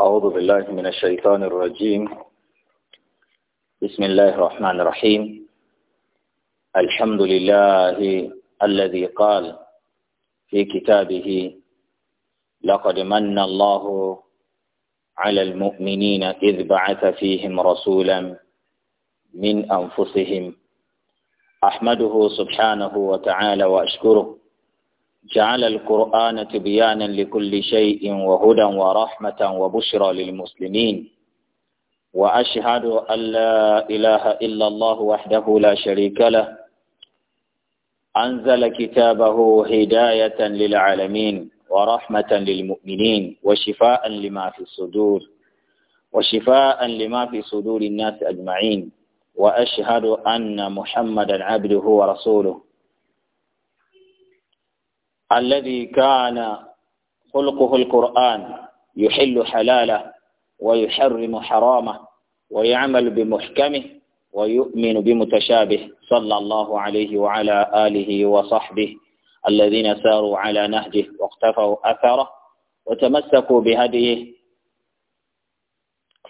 أعوذ بالله من الشيطان الرجيم بسم الله الرحمن الرحيم الحمد لله الذي قال في كتابه لقد من الله على المؤمنين إذ بعث فيهم رسولا من أنفسهم أحمده سبحانه وتعالى وأشكره جعل القرآن تبيانا لكل شيء وهدى ورحمة وبشرى للمسلمين وأشهد أن لا إله إلا الله وحده لا شريك له أنزل كتابه هداية للعالمين ورحمة للمؤمنين وشفاء لما في الصدور وشفاء لما في صدور الناس أجمعين وأشهد أن محمدا عبده ورسوله الذي كان خلقه القرآن يحل حلاله ويحرم حرامه ويعمل بمحكمه ويؤمن بمتشابه صلى الله عليه وعلى آله وصحبه الذين ساروا على نهجه واقتفوا أثره وتمسكوا بهديه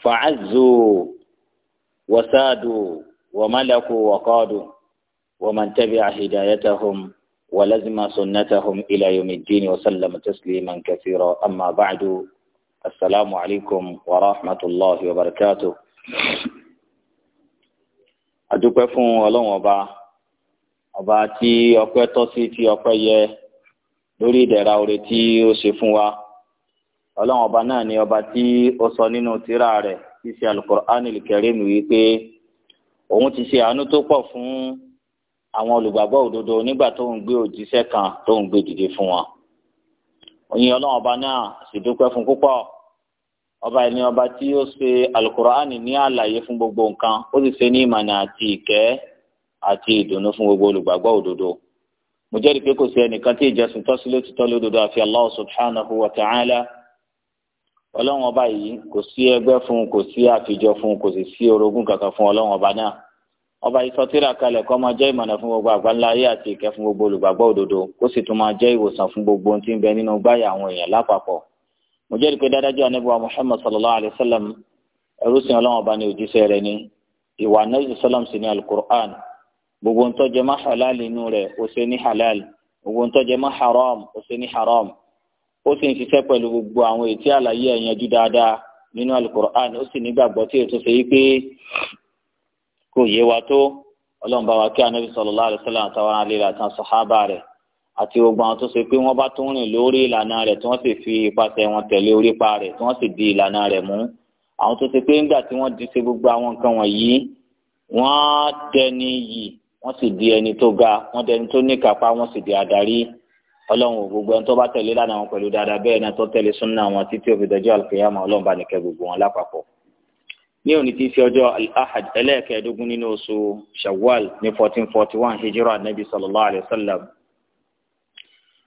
فعزوا وسادوا وملكوا وقادوا ومن تبع هدايتهم ولزم سنتهم إلى يوم الدين وسلم تسليما كثيرا أما بعد السلام عليكم ورحمة الله وبركاته adúpẹ́ fún ọlọ́run ọba ọba tí ọpẹ́ tọ́ sí tí ọpẹ́ yẹ lórí ìdẹ̀ra oore tí ó ṣe fún wa ọlọ́run ọba náà ni ọba tí ó sọ nínú tírà rẹ̀ tí ṣe alukur'anil karim wípé òun ti ṣe àánú tó pọ̀ fún àwọn olùgbàgbọ́ òdodo nígbà tó ń gbé òjíṣẹ́ kan tó ń gbé dìde fún wọn. òyìn ọlọ́run ọba náà sì dúpẹ́ fún púpọ̀ ọba ẹni ọba tí ó ṣe alukur'ani ní àlàyé fún gbogbo nǹkan ó sì ṣe ní ìmọ̀nà àti ìkẹ́ àti ìdùnnú fún gbogbo olùgbàgbọ́ òdodo. mo jẹ́rìí pé kò sí ẹnìkan tí ìjọsìn tọ́ sí lótìtọ́ àfi Allah subhanahu wa ta'ala ọlọ́run ọba yìí kò sí ẹgbẹ́ fún kò sí àfijọ́ fún kò sì sí orogún kankan fún ọlọ́run ọba náà ọba yìí sọ tírà kalẹ̀ kó máa jẹ́ ìmọ̀nà fún gbogbo àgbáńlá ayé àti ìkẹ́ fún gbogbo olùgbàgbọ́ òdodo kó sì tún máa jẹ́ ìwòsàn fún gbogbo ohun tí ń bẹ nínú gbáyà àwọn èèyàn lápapọ̀ mo jẹ́rìí pé dáadájú anábíwá muhammad sallallahu alayhi wa sallam ẹrú sin ọlọ́wọ́n ọba ní òjíṣẹ́ rẹ̀ ni ìwà anábíwá sallam sì ní alukur'an gbogbo ń tọ́jẹ́ má halal inú rẹ̀ ó ṣe ní halal gbogbo ń tọ́jẹ́ má haram ó ṣe ní haram ó sì ń ṣiṣẹ́ pẹ̀lú gbogbo àwọn ètí àlàyé ẹ̀yẹn jù dáadáa nínú alukur'an ó sì nígbàgbọ́ tí kò yé wa tó ọlọ́run bá wa kí anabi sallallahu alaihi wasallam àtàwọn alẹ́ rẹ̀ àtàwọn sàhábà rẹ̀ àti gbogbo àwọn tó ṣe pé wọ́n bá tó ń rìn lórí ìlànà rẹ̀ tí wọ́n sì fi ipasẹ̀ wọn tẹ̀lé orípa rẹ̀ tí wọ́n sì di ìlànà rẹ̀ mú àwọn tó ṣe pé ńgbà tí wọ́n di ṣe gbogbo àwọn nǹkan wọ̀nyí wọ́n dẹni yìí wọ́n sì di ẹni tó ga wọ́n dẹni tó níkàpá wọ́n sì di adarí ọlọ́run gbogbo ẹni tó bá tẹ̀lé lánàá wọn pẹ̀lú dáadáa bẹ́ẹ̀ náà tó tẹ̀lé súnà wọn títí òfin dọjọ́ àlùkìyàmọ̀ ọlọ́run bá nìkẹ́ gbogbo wọn lápapọ̀ ní òní tí í ṣe ọjọ́ al-ahad ẹlẹ́ẹ̀kẹ́ẹ̀dógún nínú oṣù shawwal ní fourteen forty one hijra nabi sallallahu alayhi wa sallam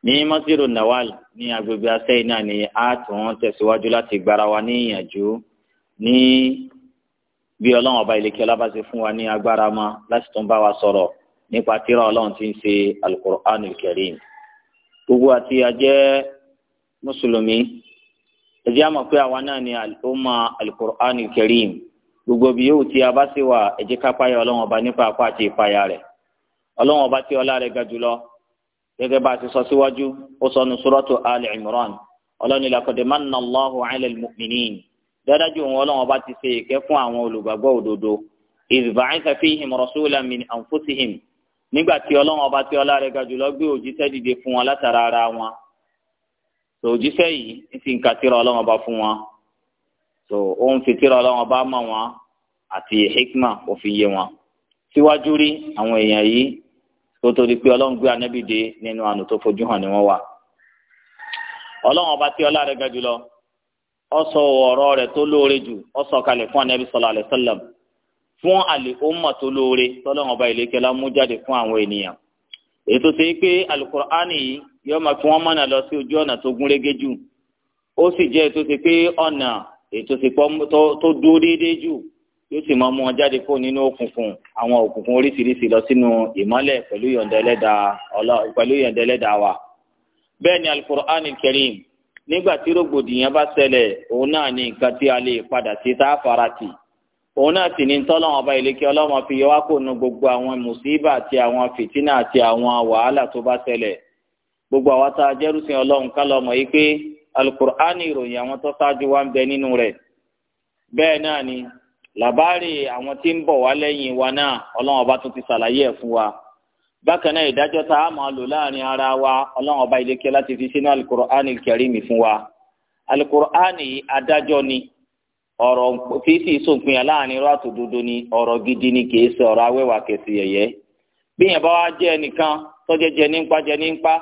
ní masiru nawal ní agbègbè asẹ́yìn náà ni a tún tẹ̀síwájú láti gbára wa ní ìyànjú ní bí ọlọ́run ọba ìlẹ̀kẹ́ ọlá fún wa ní agbára ma láti tún bá wa sọ̀rọ̀ nípa tírà ọlọ́run tí ń ṣe al-Qur'anul gbogbo àti ajẹ́ mùsùlùmí ẹ jẹ́ àmọ̀ pé àwa náà ni àlùmọ́ alukur'an kẹrìm gbogbo bí yóò ti abá sí wa ẹ jẹ́ ká páyà ọlọ́wọ́n ọba nípa apá àti ìpayà rẹ̀ ọlọ́wọ́n ọba tí ọlá rẹ̀ ga jùlọ gẹ́gẹ́ bá a ti sọ síwájú ó sọ nu suratu ali imran ọlọ́ni làkọ̀dé manna allahu ala almu'minin dáadájú òun ọlọ́wọ́n ọba ti ṣe ìkẹ́ fún àwọn olùgbàgbọ́ òdodo iz ba'atha fihim rasulan min anfusihim nígbà tí ọlọ́wọ́n ọba tí ọlá rẹ̀ ga jùlọ gbé òjíṣẹ́ dìde fún wọn látara ara wọn So òjíṣẹ́ yìí ń fi nǹkan tíra ọlọ́wọ́n bá fún wọn tó ó ń fi tíra ọlọ́wọ́n bá mọ̀ wọn àti hikma ó fi yé wọn síwájú rí àwọn èèyàn yìí tó torí pé ọlọ́run gbé anábì dé nínú àná tó fojú hàn ni wọ́n wà ọlọ́run ọba tí ọlá rẹ̀ ga jùlọ ó sọ ọ̀rọ̀ rẹ̀ tó lóore jù ó sọ kalẹ̀ fún anabi sọlá alẹ́ sọlá fún àlè ó mọ̀ tó lóore tọ́lọ́run ọba ìlẹ́kẹ́lá mú jáde fún àwọn ènìyàn ètò ṣe pé alukur'ani yìí yóò máa fi wọn mọ̀nà lọ sí ojú ọ̀nà tó gún régé jù ó sì jẹ́ ètò ṣe pé ọ̀nà ètò ṣe pọ́ tó dúró déédéé jù yóò sì máa mú wọn jáde kó nínú òkùnkùn àwọn òkùnkùn oríṣiríṣi lọ sínú ìmọ́lẹ̀ pẹ̀lú yọ̀ǹda ẹlẹ́dàá wa bẹ́ẹ̀ ni alukur'ani karim nígbà tí rògbòdìyàn bá ṣẹlẹ̀ òun náà ni nǹkan tí a lè padà sí tá a fara tì òun náà sì ní tọ́lọ́wọ́n ọba ìlékè ọlọ́mọ fi yọ wá kó nu gbogbo àwọn mùsíbà àti àwọn fìtínà àti àwọn wàhálà tó bá ṣẹlẹ̀ gbogbo àwa tá a jẹ́rùsìn ọlọ́run ká lọ mọ̀ yí pé alukur'ani ìròyìn àwọn tó ṣáájú wa ń bẹ nínú rẹ̀ bẹ́ẹ̀ náà ni làbárì àwọn tí ń bọ̀ wá lẹ́yìn wa náà ọlọ́run ọba tún ti ṣàlàyé ẹ̀ fún wa bákan náà ìdájọ́ tá a máa lò láàrin ara wa ọlọ́run ọba ìlékè láti fi sínú alukur'ani kẹrìmì fún wa alukur'ani adájọ́ ni ọ̀rọ̀ fífi ìsòpin aláàánú irọ́ àtòdodo ni ọ̀rọ̀ gidi ni kì í ṣe ọ̀rọ̀ awẹ́wà kẹsì ẹ̀yẹ bí yẹn bá wá jẹ́ ẹnìkan tọ́jẹ́ jẹ nípa jẹ nípa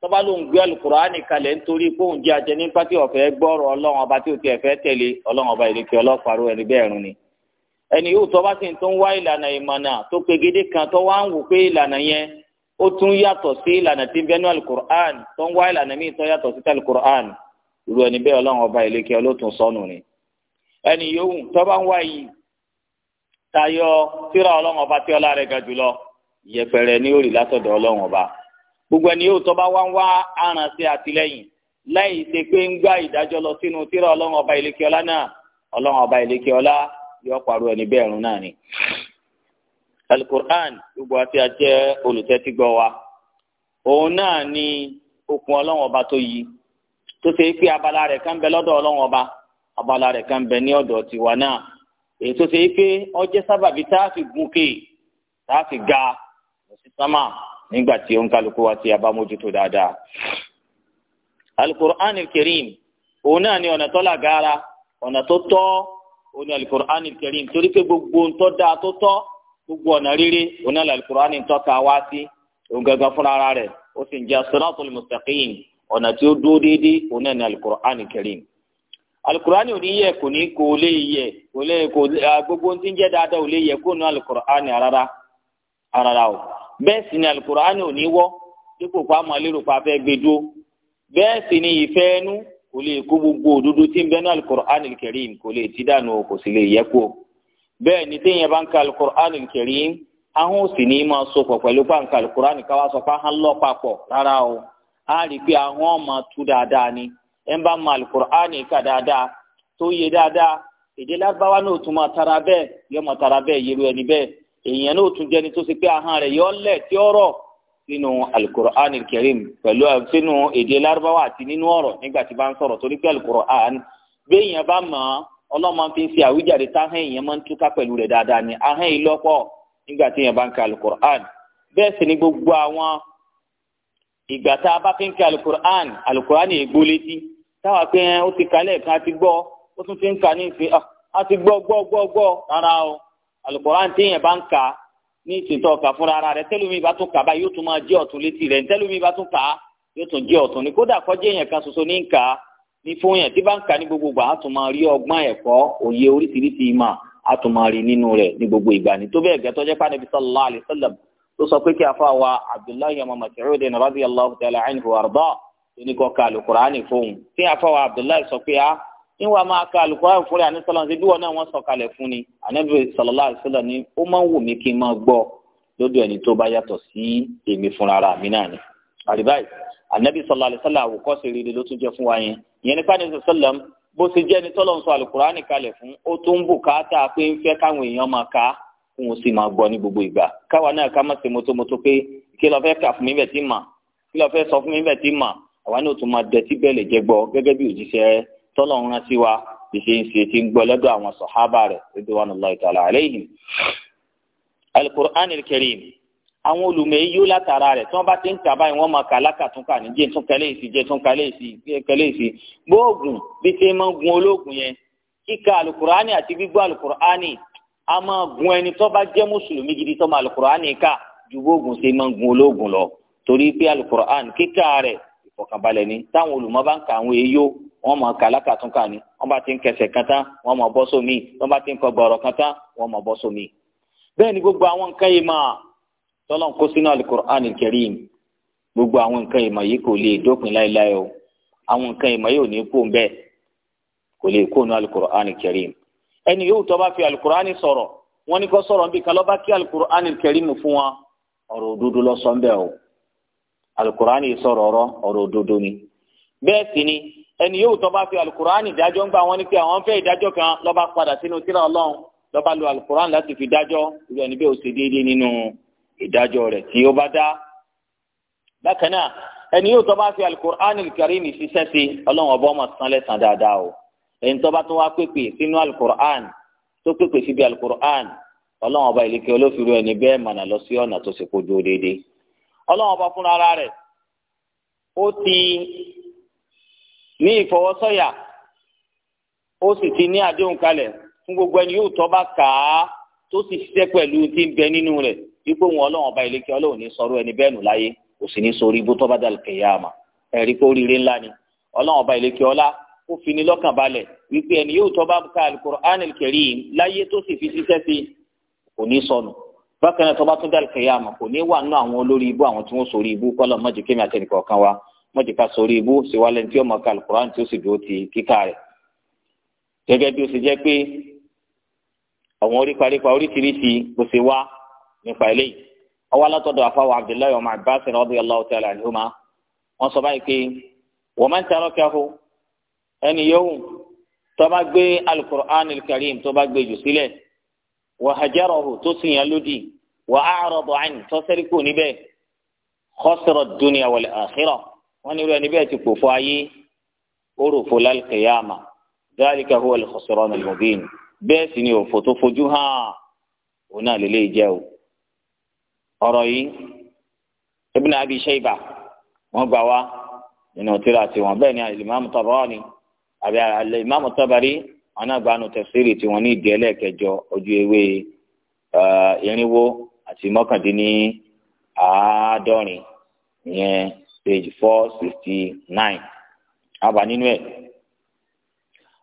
tọ́ba ló ń gbé alukur'ani kalẹ̀ nítorí pé òun jẹ́ ajẹ́ nípa tí ọ̀fẹ́ gbọ́rọ̀ ọlọ́run ọba tí ò tiẹ̀ fẹ́ tẹ̀lé ọlọ́run ọba ìrèké ọlọ́pàá ẹni bẹ́ẹ̀ rún ni. ẹni yóò tọ́ba sì tó ń wá ìlànà ìmọ̀nà tó pegedé kan tó wá ń wò pé ìlànà yẹn ó tún yàtọ̀ sí ìlànà tí bẹ́ẹ̀ ní alukur'an tó ń wá ìlànà míì tó yàtọ̀ sí alukur'an irú ẹni bẹ́ẹ̀ ọlọ́run ọba ìrèké ọlọ́tún sọnù ni. ẹni yòówù tó bá ń wá yìí tayọ tírà ọlọ́run ọba tí ọlá rẹ̀ ga jùlọ ìyẹpẹrẹ ni ó rí látọ̀dọ̀ ọlọ́run ọba gbogbo ẹni yóò tó bá wá ń wá aránṣẹ́ àtìlẹ́yìn láì ṣe pé ń gbá ìdájọ́ lọ sínú tírà ọlọ́run ọba ìlékè ọlá náà ọlọ́run ọba ìlékè ọlá yọ pàrọ̀ ẹni bẹ́ẹ̀ rún náà ni. alukur'an gbogbo àti ajẹ́ olùtẹ́tí gbọ́ wa òun náà ni okùn ọlọ́run ọba tó yí tó ṣe é pé abala rẹ̀ kan bẹ lọ́dọ̀ ọlọ́run ọba abala rẹ̀ kan bẹ ní ọ̀dọ̀ tiwa náà èyí tó ṣe é pé ọjẹ́ sábàbí tá a fi gòkè ga lọ sí sámà nígbà tí ó ń kálukú wa tí a dáadáa. alukur'an kirim òun náà ni ọ̀nà tó lágara ọ̀nà tó tọ́ òun ni alukur'an kirim torí pé gbogbo ń tọ́ dáa tó tọ́ gbogbo ọ̀nà rere òun náà alukur'an ń tọ́ka wá sí òun gangan fúnra rẹ̀ ó sì ń jẹ́ siratul mustaqim ọ̀nà tí ó dúró déédéé òun náà ni alukur'an kirim alukurani ò ní yẹ kò ní kò lè yẹ kò lè kò gbogbo ti ń jẹ dáadáa ò lè yẹ kó nu alukurani rárá rárá o bẹ́ẹ̀ sì ni alukurani ò ní wọ dípò pa àmọ́ lérò pa fẹ́ gbé dúró bẹ́ẹ̀ sì ni ìfẹ́ ẹnu kò lè kó gbogbo òdodo tí ń bẹ nu alukurani kẹrin kò lè ti dànù kò sì lè yẹ kó bẹ́ẹ̀ ni téèyàn bá ń ka alukurani kẹrin àwọn ò sì ní máa sopọ̀ pẹ̀lú pàǹkà alukurani káwá sọ pé àwọn lọ papọ̀ rárá o a rí i pé àwọn máa tú dáadáa ni ẹ̀ ń bá mọ alukur'ani kà dáadáa tó yé dáadáa èdè lágbáwá náà tún máa tara bẹ́ẹ̀ yóò máa tara bẹ́ẹ̀ yẹlu ẹni bẹ́ẹ̀ èèyàn náà tún jẹni tó ṣe pé ahọ́n rẹ̀ yọ lẹ̀ tí ọ̀rọ̀ sínú alukur'ani kẹrim pẹ̀lú sínú èdè lárúbáwá àti nínú ọ̀rọ̀ nígbà tí bá ń sọ̀rọ̀ torí pé alukur'an béèyàn bá mọ̀ ọ́ ọlọ́mọ fi ń ṣe àwíjàre táhán èèyàn máa ń túká pẹ̀lú rẹ̀ dáadáa ni ahán yìí nígbà tí táwa pé ó ti kalẹ̀ kan ti gbọ́ ó tún ti ń ka ní ìfẹ́ ah, a ti gbọ́ gbọ́ gbọ́ gbọ́ rárá o Al-Qur'an tí yẹn bá ń kà ní ìsìntọ́ ọ̀kà fúnra ara rẹ̀ tẹ́lómi bá tún kà báyìí yóò tún máa jẹ́ ọ̀tún létí rẹ̀ tẹ́lómi bá tún kà yóò tún jẹ́ ọ̀tún ni kódà kọjá èèyàn kan ṣoṣo ní ń kà ní fún yẹn tí bá ń kà ní gbogbo ìgbà á tún máa rí ọgbọ́n ẹ̀kọ́ òye oríṣiríṣi ìmọ̀ á tún máa rí nínú rẹ̀ ní gbogbo ìgbà ní tó bẹ́ẹ̀ gẹ́ tọ́jẹ́ pàdé sallallahu alaihi wasallam tó sọ pé kí afa wa Abdullahi ọmọ arda oníkọ́ ka alukurani fóun tí afọwọ́ abdullahi sọ pé a níwàá máa ka alukurani fúnra ní sọlá ṣe bí wọn náà wọn sọ kalẹ̀ fún ni anabi sọlọlá àṣìlọ ni ó máa ń wù mí kí n máa gbọ́ lódò ẹni tó bá yàtọ̀ sí èmi fúnra ara mi náà ni àríbáyì anabi sọlọ àlẹsọlá àwòkọ́ṣe rere ló tún jẹ́ fún wa yẹn ìyẹn nípa ní sọsọlọm bó ṣe jẹ́ ni tọ́lọ́ ń sọ alukurani kalẹ̀ fún ó tún ń bùkátà pé ń fẹ́ káwọn èèyàn máa ka kó wọn sì máa gbọ́ ní gbogbo ìgbà àwa náà tún máa dẹtí bẹ́ẹ̀lì jẹ gbọ́ gẹ́gẹ́ bí òjíṣẹ́ tọ́lọ́run rán sí wa bí ṣe ń ṣe ti ń gbọ́ lọ́dọ̀ àwọn sọ̀hábà rẹ̀ ridwanullahi ta'ala alayhim. alukur'an karim àwọn olùmọ̀ yóò látara rẹ̀ tí wọ́n bá ti ń kà báyìí wọ́n máa kà lákàtúnkà ní jẹ́ tún kẹlẹ́ èsì jẹ́ tún kẹlẹ́ èsì kẹlẹ́ èsì gbóògùn bí ṣe máa ń gun olóògùn yẹn kíka alukur'ani àti gbígbọ́ alukur'ani a máa gun ẹni tó bá jẹ́ mùsùlùmí gidi tó máa alukur'ani ká ju gbóògùn ṣe máa ń gun olóògùn lọ torí pé alukur'an kíka rẹ̀ ìfọ̀kànbalẹ̀ ni táwọn bá ń ka àwọn wọn ka ni wọ́n bá ti ń kẹsẹ̀ kan tán wọ́n máa sómi wọ́n bá ti ń kọ gbọ̀rọ̀ kan tán wọ́n máa sómi. bẹ́ẹ̀ ni gbogbo àwọn nǹkan yìí máa tọ́lọ́n kó sínú alukur'an gbogbo àwọn nǹkan yìí máa yìí kò lè dópin láéláé o àwọn nǹkan yìí máa yóò ní kò lè kó nu alukur'an ẹni yóò tọ́ bá fi alukur'an sọ̀rọ̀ sọ̀rọ̀ alukurani sọ̀rọ̀ ọ̀rọ̀ ọ̀rọ̀ òdodo ni bẹ́ẹ̀ sì ni ẹni yóò tó bá fi alukurani dájọ́ ń gbà wọ́n ní pé àwọn fẹ́ ìdájọ́ kan ló bá padà sínú tírà ọlọ́run ló bá lo alukurani láti fi dájọ́ ìlú ẹni bẹ́ẹ̀ ó ṣe déédéé nínú ìdájọ́ rẹ̀ tí ó bá dá bákan náà ẹni yóò tó bá fi alukurani karim ṣiṣẹ́ sí ọlọ́run ọba ọmọ sanlẹ san dáadáa o ẹni tó tó wá pèpè sínú alukurani tó pèpè síbi alukurani ọlọ́run ọba ìlẹkẹ olófin ọlọ́run ọba fúnra ara rẹ̀ ó ti ní ìfọwọ́sọ̀yà ó sì ti ní àdéhùn kalẹ̀ fún gbogbo ẹni yóò tọ́ bá kà á tó sì ṣiṣẹ́ pẹ̀lú tí ń bẹ nínú rẹ̀ wípé òun ọlọ́run ọba ìlẹ́kẹ́ ọlọ́run ní sọ̀rọ̀ ẹni bẹ́ẹ̀ nù láyé kò sì ní sọ̀rọ̀ ibú tó bá dàlù kẹ̀yà àmà ẹ̀rí pé oríire ńlá ni ọlọ́run ọba ìlẹ́kẹ́ ọlá ó fi ní lọ́kàn balẹ̀ wípé ẹni yóò tọ́ bá ka Al-Qur'an Al-Karim láyé tó sì fi ṣiṣẹ́ sí kò ní sọnù bákan náà tó bá tún dá al-qiyāmah kò ní wà nínú àwọn olórí ibú àwọn tí wọ́n sórí ibú kọ́lọ̀ mọ́jì kémi àti ẹnìkọ̀ọ̀kan wa mọ́jì ká sórí ibú síwálẹ̀ tí ó ká al tí ó sì dúró ti kíkà rẹ̀. gẹ́gẹ́ bí ó ṣe jẹ́ pé àwọn oríparípa oríṣiríṣi kò ṣe wá nípa eléyìí ọwọ́ alátọ́dọ̀ àfáwọ̀ Abdullahi ọmọ Abbas radiyallahu ta'ala anhuma wọ́n sọ báyìí pé wọ́n máa ń tarakahu ẹni yòówù tó bá gbé bá gbé jù wàhájárọ̀hù tó sì yàn lódì wà á rọ̀bọ̀ àìn tó sẹ́rí kù níbẹ̀ kọ́sọ̀rọ̀ dúnìá wal akhirah wọn ni irú ẹni bẹ́ẹ̀ ti kò fọ ayé ó rò fò lálùkẹ́yàmà dhalika huwa al-khusran al-mubin bẹ́ẹ̀ sì ni òfò tó fojú hàn òun náà lélẹ́yìí jẹ́ o ọ̀rọ̀ yìí ibn abi shayba wọ́n gbà wá nínú tírà tiwọn bẹ́ẹ̀ ni alimami tabarani àbí alimami tabari anábàánu tẹ̀sírì tí wọ́n ní ìdí ẹlẹ́ẹ̀kẹjọ ojú ewé irinwó àti mọ́kàndínní àádọ́rin ìyẹn page four sixty nine àbá nínú ẹ̀.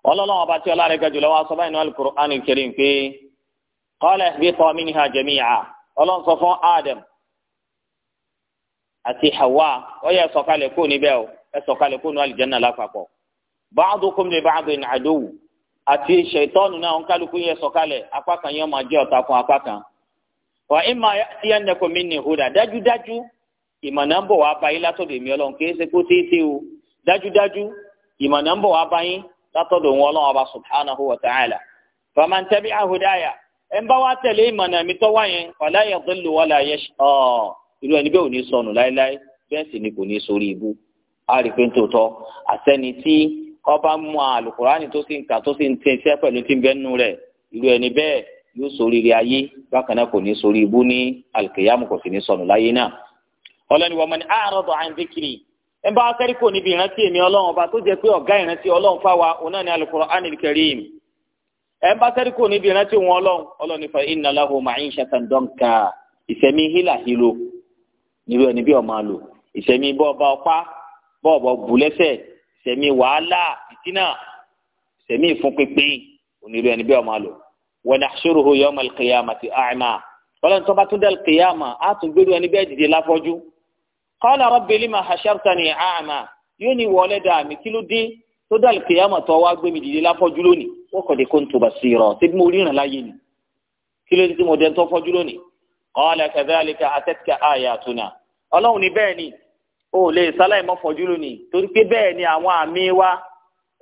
ọlọ́lọ́wọ́n ọba tí ọlá rẹ̀ ga jùlọ wá sọ báyìí ní al-Qur'an al-Karim pé qala ihbita ọlọ́run sọ fún Adam àti Hawa ó yẹ sọ̀kalẹ̀ kó níbẹ̀ o ẹ sọ̀kalẹ̀ kó alìjẹ́nà lápapọ̀ àti ṣètọ́nù náà kálukú yẹn sọ̀kalẹ̀ apá kan yẹn máa jẹ́ ọ̀tá fún apá kan. wà á máa ti ẹnẹ kò mí ní ìhòòdà dájúdájú ìmọ̀nà ń bọ̀ wá báyìí látọ̀dọ̀ èmi ọlọ́run kì í ṣe kó tètè o dájúdájú ìmọ̀nà ń bọ̀ wá báyìí látọ̀dọ̀ òun ọlọ́run ọba subhanahu wa ta'ala. faman tabi'a hudaya ẹ̀ ń bá wá tẹ̀lé ìmọ̀nà ni kò a ọba mú alukurani tó sì ń kà tó sì ń tẹ iṣẹ́ pẹ̀lú tí ń bẹ nù rẹ̀ irú ẹni bẹ́ẹ̀ yóò ṣoríire ayé bákan náà kò ní ṣorí ibú ní alùkèyàmù kò sì ní sọnù láyé náà ọlọ́ni wọ́n mọ̀ ní àárọ̀dọ̀ àǹdékiri ẹ bá akẹ́rì kò níbi ìrántí èmi ọlọ́run ọba tó jẹ́ pé ọ̀gá ìrántí ọlọ́run fáwa òun náà ní alukurani alkarim ẹ bá akẹ́rì kò níbi ìrántí wọn ọlọ́run ọlọ́ni fa inna lahu ma'ishatan danka ìsẹ̀mí hílà hílo níbi ọ̀nìbí ọ̀ máa ìsẹ̀mí wàhálà ìtinà ìsẹ̀mí ìfúnpépé onílù ẹni bẹ́ẹ̀ máa lò wa nahshuruhu yawma al-qiyamati a'ma wọ́n tó bá tún dá al-qiyama á tún gbèrú ẹni bẹ́ẹ̀ dìde láfọ́jú qala rabbi lima hashartani a'ma yóò ní wọlé dà mí kí ló dé tó dá al-qiyama tó wá gbé mi dìde láfọ́jú lónìí wa qad kuntu basira ṣé mo rí ìrànlá yé ni kí ló dé tí mo dẹ́ tó fọ́jú lónìí o lè sáláì mọ́ fọ́jú lónìí torí pé bẹ́ẹ̀ ni àwọn àmì wa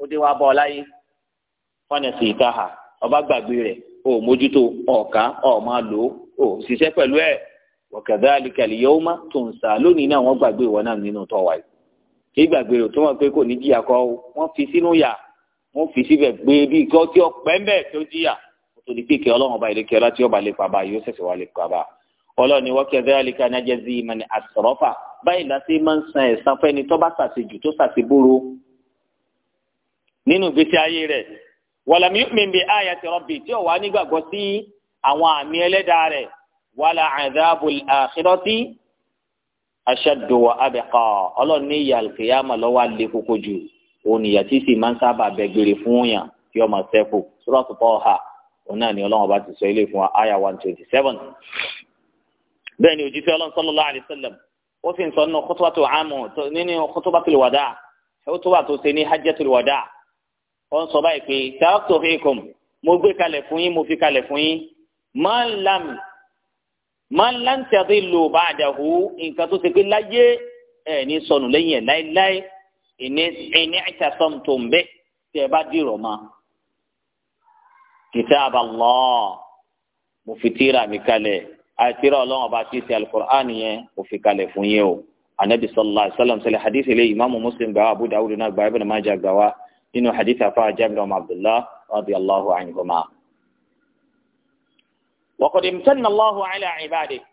òde wa bọ̀ láyé fọ́nẹ̀sì ìtaha ọba gbàgbé rẹ̀ o mójútó ọ̀ka ọ̀ma lò ó ṣiṣẹ́ pẹ̀lú ẹ̀ wọ̀kẹ̀dá alikẹ́lì yẹ́wò má tó ń sá lónìí náà wọ́n gbàgbé ìwọ náà nínú tọ́wà yìí kí gbàgbé rẹ̀ tó mọ̀ pé kò ní jìyà kọ́ wọ́n fi sínú yà wọ́n fi síbẹ̀ gbé bí kọ́ tí ọ báyìí láti máa ń san ẹ̀san fẹ́ni tó bá ṣàṣejù tó ṣàṣeboro nínú ìgbésí ayé rẹ̀ wàlámì mímbi àyà ti rọ́bì tí ó wà nígbàgbọ́ sí àwọn àmì ẹlẹ́dàá rẹ̀ wàlà àdáàbò àkírọ́tì aṣáàdù abẹ́kọ̀ ọlọ́run ní ìyà àlùkìyàmà lọ́wọ́ alẹ́ kókó jù òun ìyà tí sì máa ń sábà bẹ́gbére fún yàn tí ọmọ sẹ́kù sọ́dọ̀tù pọ́ọ̀hà òun náà ni ọlọ́run bá ti sọ ilé fún wa àyà one twenty seven bẹ́ẹ̀ ni òjíṣẹ́ ọlọ́run sallallahu alaihi ó sì ń sọ nínú kótóbá tó àmù nínú kótóbá tó lè wàdà ó tó wà tó ṣe ní hajjatul wàdà ó ń sọ báyìí pé taraktu fikum mo gbé kalẹ̀ fún yín mo fi kalẹ̀ fún yín man lam man lam tadillu ba'dahu nǹkan tó ṣe pé láyé ẹ̀ ní sọnù lẹ́yìn ẹ̀ láéláé ìní ìní i'tasamtum bih tẹ́ ẹ bá dìrọ̀ mọ́ kitab Allah mo fi tírà mi kalẹ̀ àìsíra ọlọ́run ọba tí ń ṣe alukur'an yẹn kò fi kalẹ̀ fún yẹn o anabi sallallahu alayhi wa sallam sẹlẹ̀ hadith ilé imaamu muslim gbawo abu dawud náà gbawo ibn majah gbawo nínú hadith afa jabir ọmọ abdullah radiyallahu anhuma. wa qad imtanna allahu ala ibadihi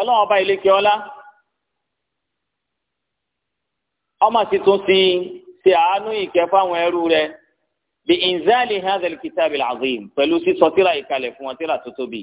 ọlọ́run ọba ilé kíọ́lá ọmọ sì tún sí ṣe àánú ìkẹ́ fáwọn ẹrú rẹ̀ bí inzali hadha alkitab alazim pẹ̀lú sísọ tíra ìkalẹ̀ fún wọn tíra tó tóbi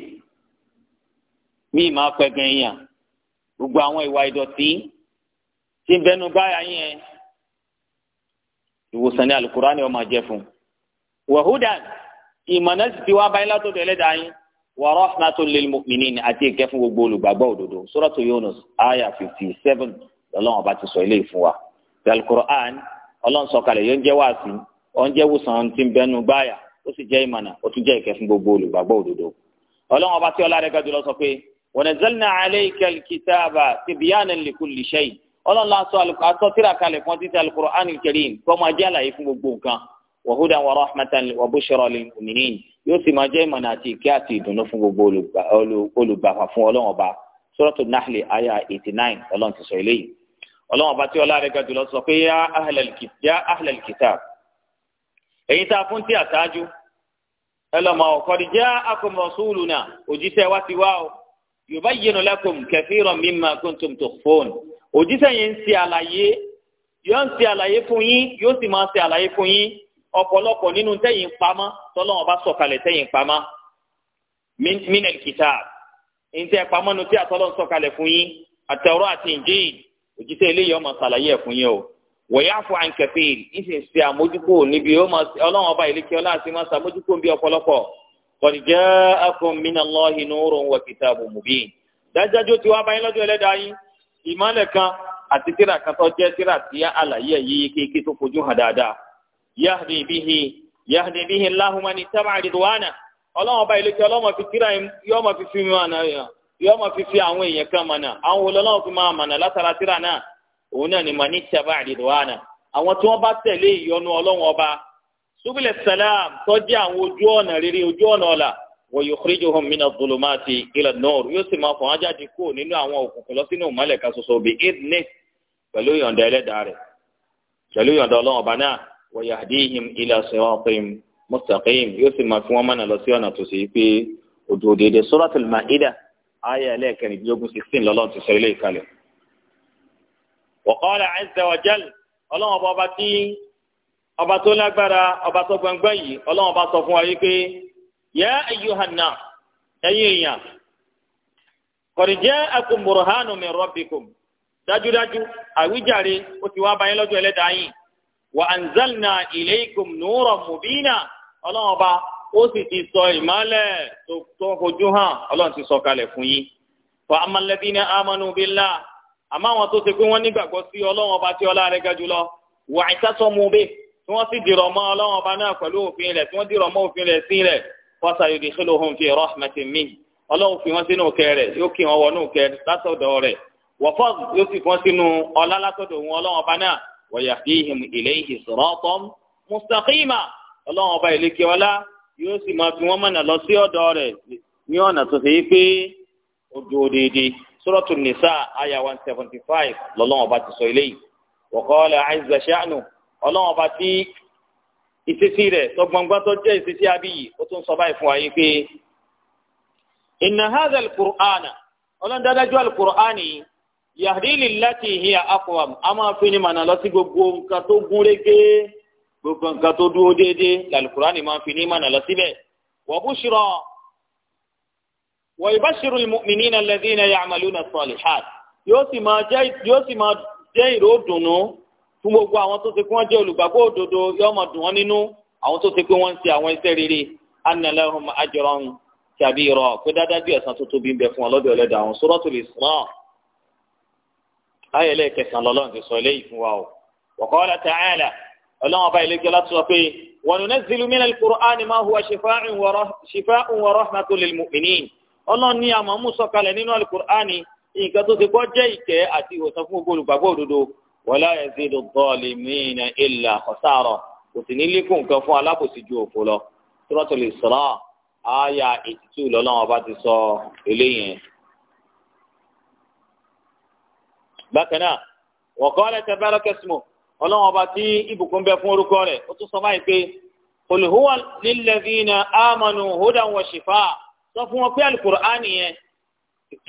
míì máa pẹ̀gàn èèyàn gbogbo àwọn ìwà ìdọ̀tí tí ń bẹnu báyà yẹn ìwòsàn ní alukura ni wọ́n máa jẹ fún wàhúdà ìmọ̀nà ti wá báyìí látọ̀dọ̀ ẹlẹ́dàá yín wa rahmatun lil mu'minin àti ìkẹ́ fún gbogbo olùgbàgbọ́ òdodo Yunus aya fifty seven ọba ti sọ eléyìí wa alukura ọlọ́run sọ̀kalẹ̀ yóò ń jẹ́ wáàsí ń jẹ́ ń bẹnu báyà fún gbogbo olùgbàgbọ́ òdodo ọba ọlá wọnẹzẹlẹ alẹyìkẹ kìtàbà tìbíyànà lẹkùlì sẹyìn ọlọ́run aṣọ aṣọ tíra kalẹ̀ fún títí alukur'an kẹrin kó máa jẹ́ àlàyé fún gbogbo nǹkan wàhúdà wà rahmatan wà bùsọ̀rọ̀ lè mìíràn yóò sì máa jẹ́ ìmọ̀nà àti ìkẹ́ àti ìdùnnú fún gbogbo olùgbàfà fún ọlọ́run ọba suratul nahli aya eighty nine ọlọ́run ti sọ eléyìí ọlọ́run ọba tí ọlá rẹ̀ ga jùlọ sọ pé yá ahlal kitab èyí tá a fún tí àtàjù ẹ lọ́mọ ọ̀kọ́ni yubayyinu lakum kathiran mimma kuntum tukhfun òjíṣẹ́ yẹn ń ṣe àlàyé yóò ń ṣe àlàyé fún yín yóò sì máa ṣe àlàyé fún yín ọ̀pọ̀lọpọ̀ nínú tẹ́yìn pamọ́ tọ́lọ́wọ́n bá sọ̀kalẹ̀ tẹ́yìn pamọ́ minel kitab ntẹ́ pamọ́ nu tí àtọ́lọ́wọ́n sọ̀kalẹ̀ fún yín àtẹ̀wọ́rọ́ àti Injil òjíṣẹ́ eléyìí ọmọ ṣàlàyé ẹ̀ fún yín o wọ̀yáfọ̀ ànkẹ́fẹ́ ìsìn ṣe àmójúkò níbi ọlọ́wọ́n ọba ìlékè ọlá àti máa ṣàmójúkò bí ọ̀pọ̀lọpọ̀ qad ja'akum minallahi nurun wa kitabun mubin dájájú tí wàá báyìí lọ́jọ́ ẹlẹ́dàá yín ìmọ̀lẹ̀ kan àti tíra kan tó jẹ́ tíra tí àlàyé yìí kéèké tó fojú hàn dáadáa yahdi bihi yahdi bihi Allahu man ittaba ridwana ọlọ́wọ́n bá ilé tí ọlọ́wọ́n fi tíra yóò máa fi fi mí mọ̀nà yóò máa fi fi àwọn èèyàn kan mọ̀nà àwọn olólọ́wọ́n fi máa mọ̀nà látara tíra náà òun náà ni man ittaba ridwana àwọn tí wọ́n bá tẹ̀lé ìyọnu ọlọ́wọ́n ọba subile salam tọ́jú àwọn ojú ọ̀nà rere ojú ọ̀nà ọ̀la wa yukhrijuhum mina dhulumati ila nur yóò sì máa fọ̀ wọ́n jáde kúrò nínú àwọn òkùnkùn lọ sínú ìmọ̀lẹ̀ kan ṣoṣo bí idni pẹ̀lú yọ̀ǹda ẹlẹ́dàá rẹ̀ pẹ̀lú yọ̀ǹda ọlọ́run ọba náà wa yahdihim ila siratin mustaqim yóò sì máa fi wọ́n mọ̀nà lọ sí ọ̀nà tó sì pé odò òdèdè suratul ọba tó lágbára ọba tó gbangba yìí ọlọ́run bá sọ fún wa yìí pé yá ayyuhanna ẹ̀yin èèyàn qad ja'akum burhanun min rabbikum dájúdájú àwíjàre ó ti wá báyìí lọ́jọ́ ẹlẹ́dàá yìí wa anzalna ilaykum nuran mubina ọlọ́run ọba ó sì ti sọ ìmọ́lẹ̀ tó fojú hàn ọlọ́run ti sọ kalẹ̀ fún yín fa ammal ladina amanu billah àmọ́ àwọn tó ṣe pé wọ́n nígbàgbọ́ sí ọlọ́run ọba tí ọlá rẹ̀ ga jùlọ wa i'tasamu bihi tí wọ́n sì dìrọ̀ mọ́ ọlọ́run ọba náà pẹ̀lú òfin rẹ̀ tí wọ́n dìrọ̀ mọ́ òfin rẹ̀ sí rẹ̀ fọ́sà yòdì kílò hùn fi rahmatin min ọlọ́run fi wọ́n sínú kẹ rẹ̀ yóò kí wọn wọnú kẹ látọ̀dọ̀ rẹ̀ wọ́fọ́ yóò sì fọ́n sínú ọlá látọ̀dọ̀ òun ọlọ́run ọba náà wọ̀yà fi hìm ilayhi siratan mustaqima ọlọ́run ọba tí ìṣesí rẹ̀ tọgbọ̀ngbọ́n tó jẹ́ ìṣesí abíyì ó tún sọ báyìí fún wa yìí pé inna hadha al-Qur'ana ọlọ́run dájú al-Qur'ani yahdi lillati hiya aqwam a máa fi ni mànà lọ sí gbogbo nǹkan tó gún régé gbogbo nǹkan tó dúró déédéé làlùkùránì máa fi ní mànà lọ síbẹ̀ wa bushra wa yubashshiru al-mu'minina alladhina ya'maluna as-salihat yóò sì máa jẹ́ ìró dùnú fún gbogbo àwọn tó ṣe pé wọ́n jẹ́ olùgbàgbọ́ òdodo yóò máa dùn wọ́n nínú àwọn tó ṣe pé wọ́n ń ṣe àwọn iṣẹ́ rere anna lahum ajran kabira pé dáadáa bí ẹ̀san tó tóbi ń bẹ fún wọn lọ́dọ̀ Ẹlẹ́dàá àwọn Suratul Isra ayé ẹlẹ́kẹsàn lọ́lọ́run ti sọ eléyìí fún wa o wa qala ta'ala ọlọ́run ọba ìlẹ́jọ láti sọ pé wa nunazzilu minal qur'ani ma huwa ní àmọ́ mú sọ̀kalẹ̀ nínú al-Qur'ani nǹkan tó ti kọ́ wala yazidu zalimina illa khasara kò sì ní lékún nǹkan fún alábòsí ju òfò lọ Suratul Isra àyà eighty two lọ́lọ́wọ́n bá ti sọ eléyìí. bákan náà wa qala tabaraka ismuhu ọlọ́wọ́n ọba tí ibùkún bẹ fún orúkọ rẹ̀ ó tún sọ báyìí pé qul huwa lilladhina amanu hudan wa shifaa sọ fún wọn pé alukur'ani yẹn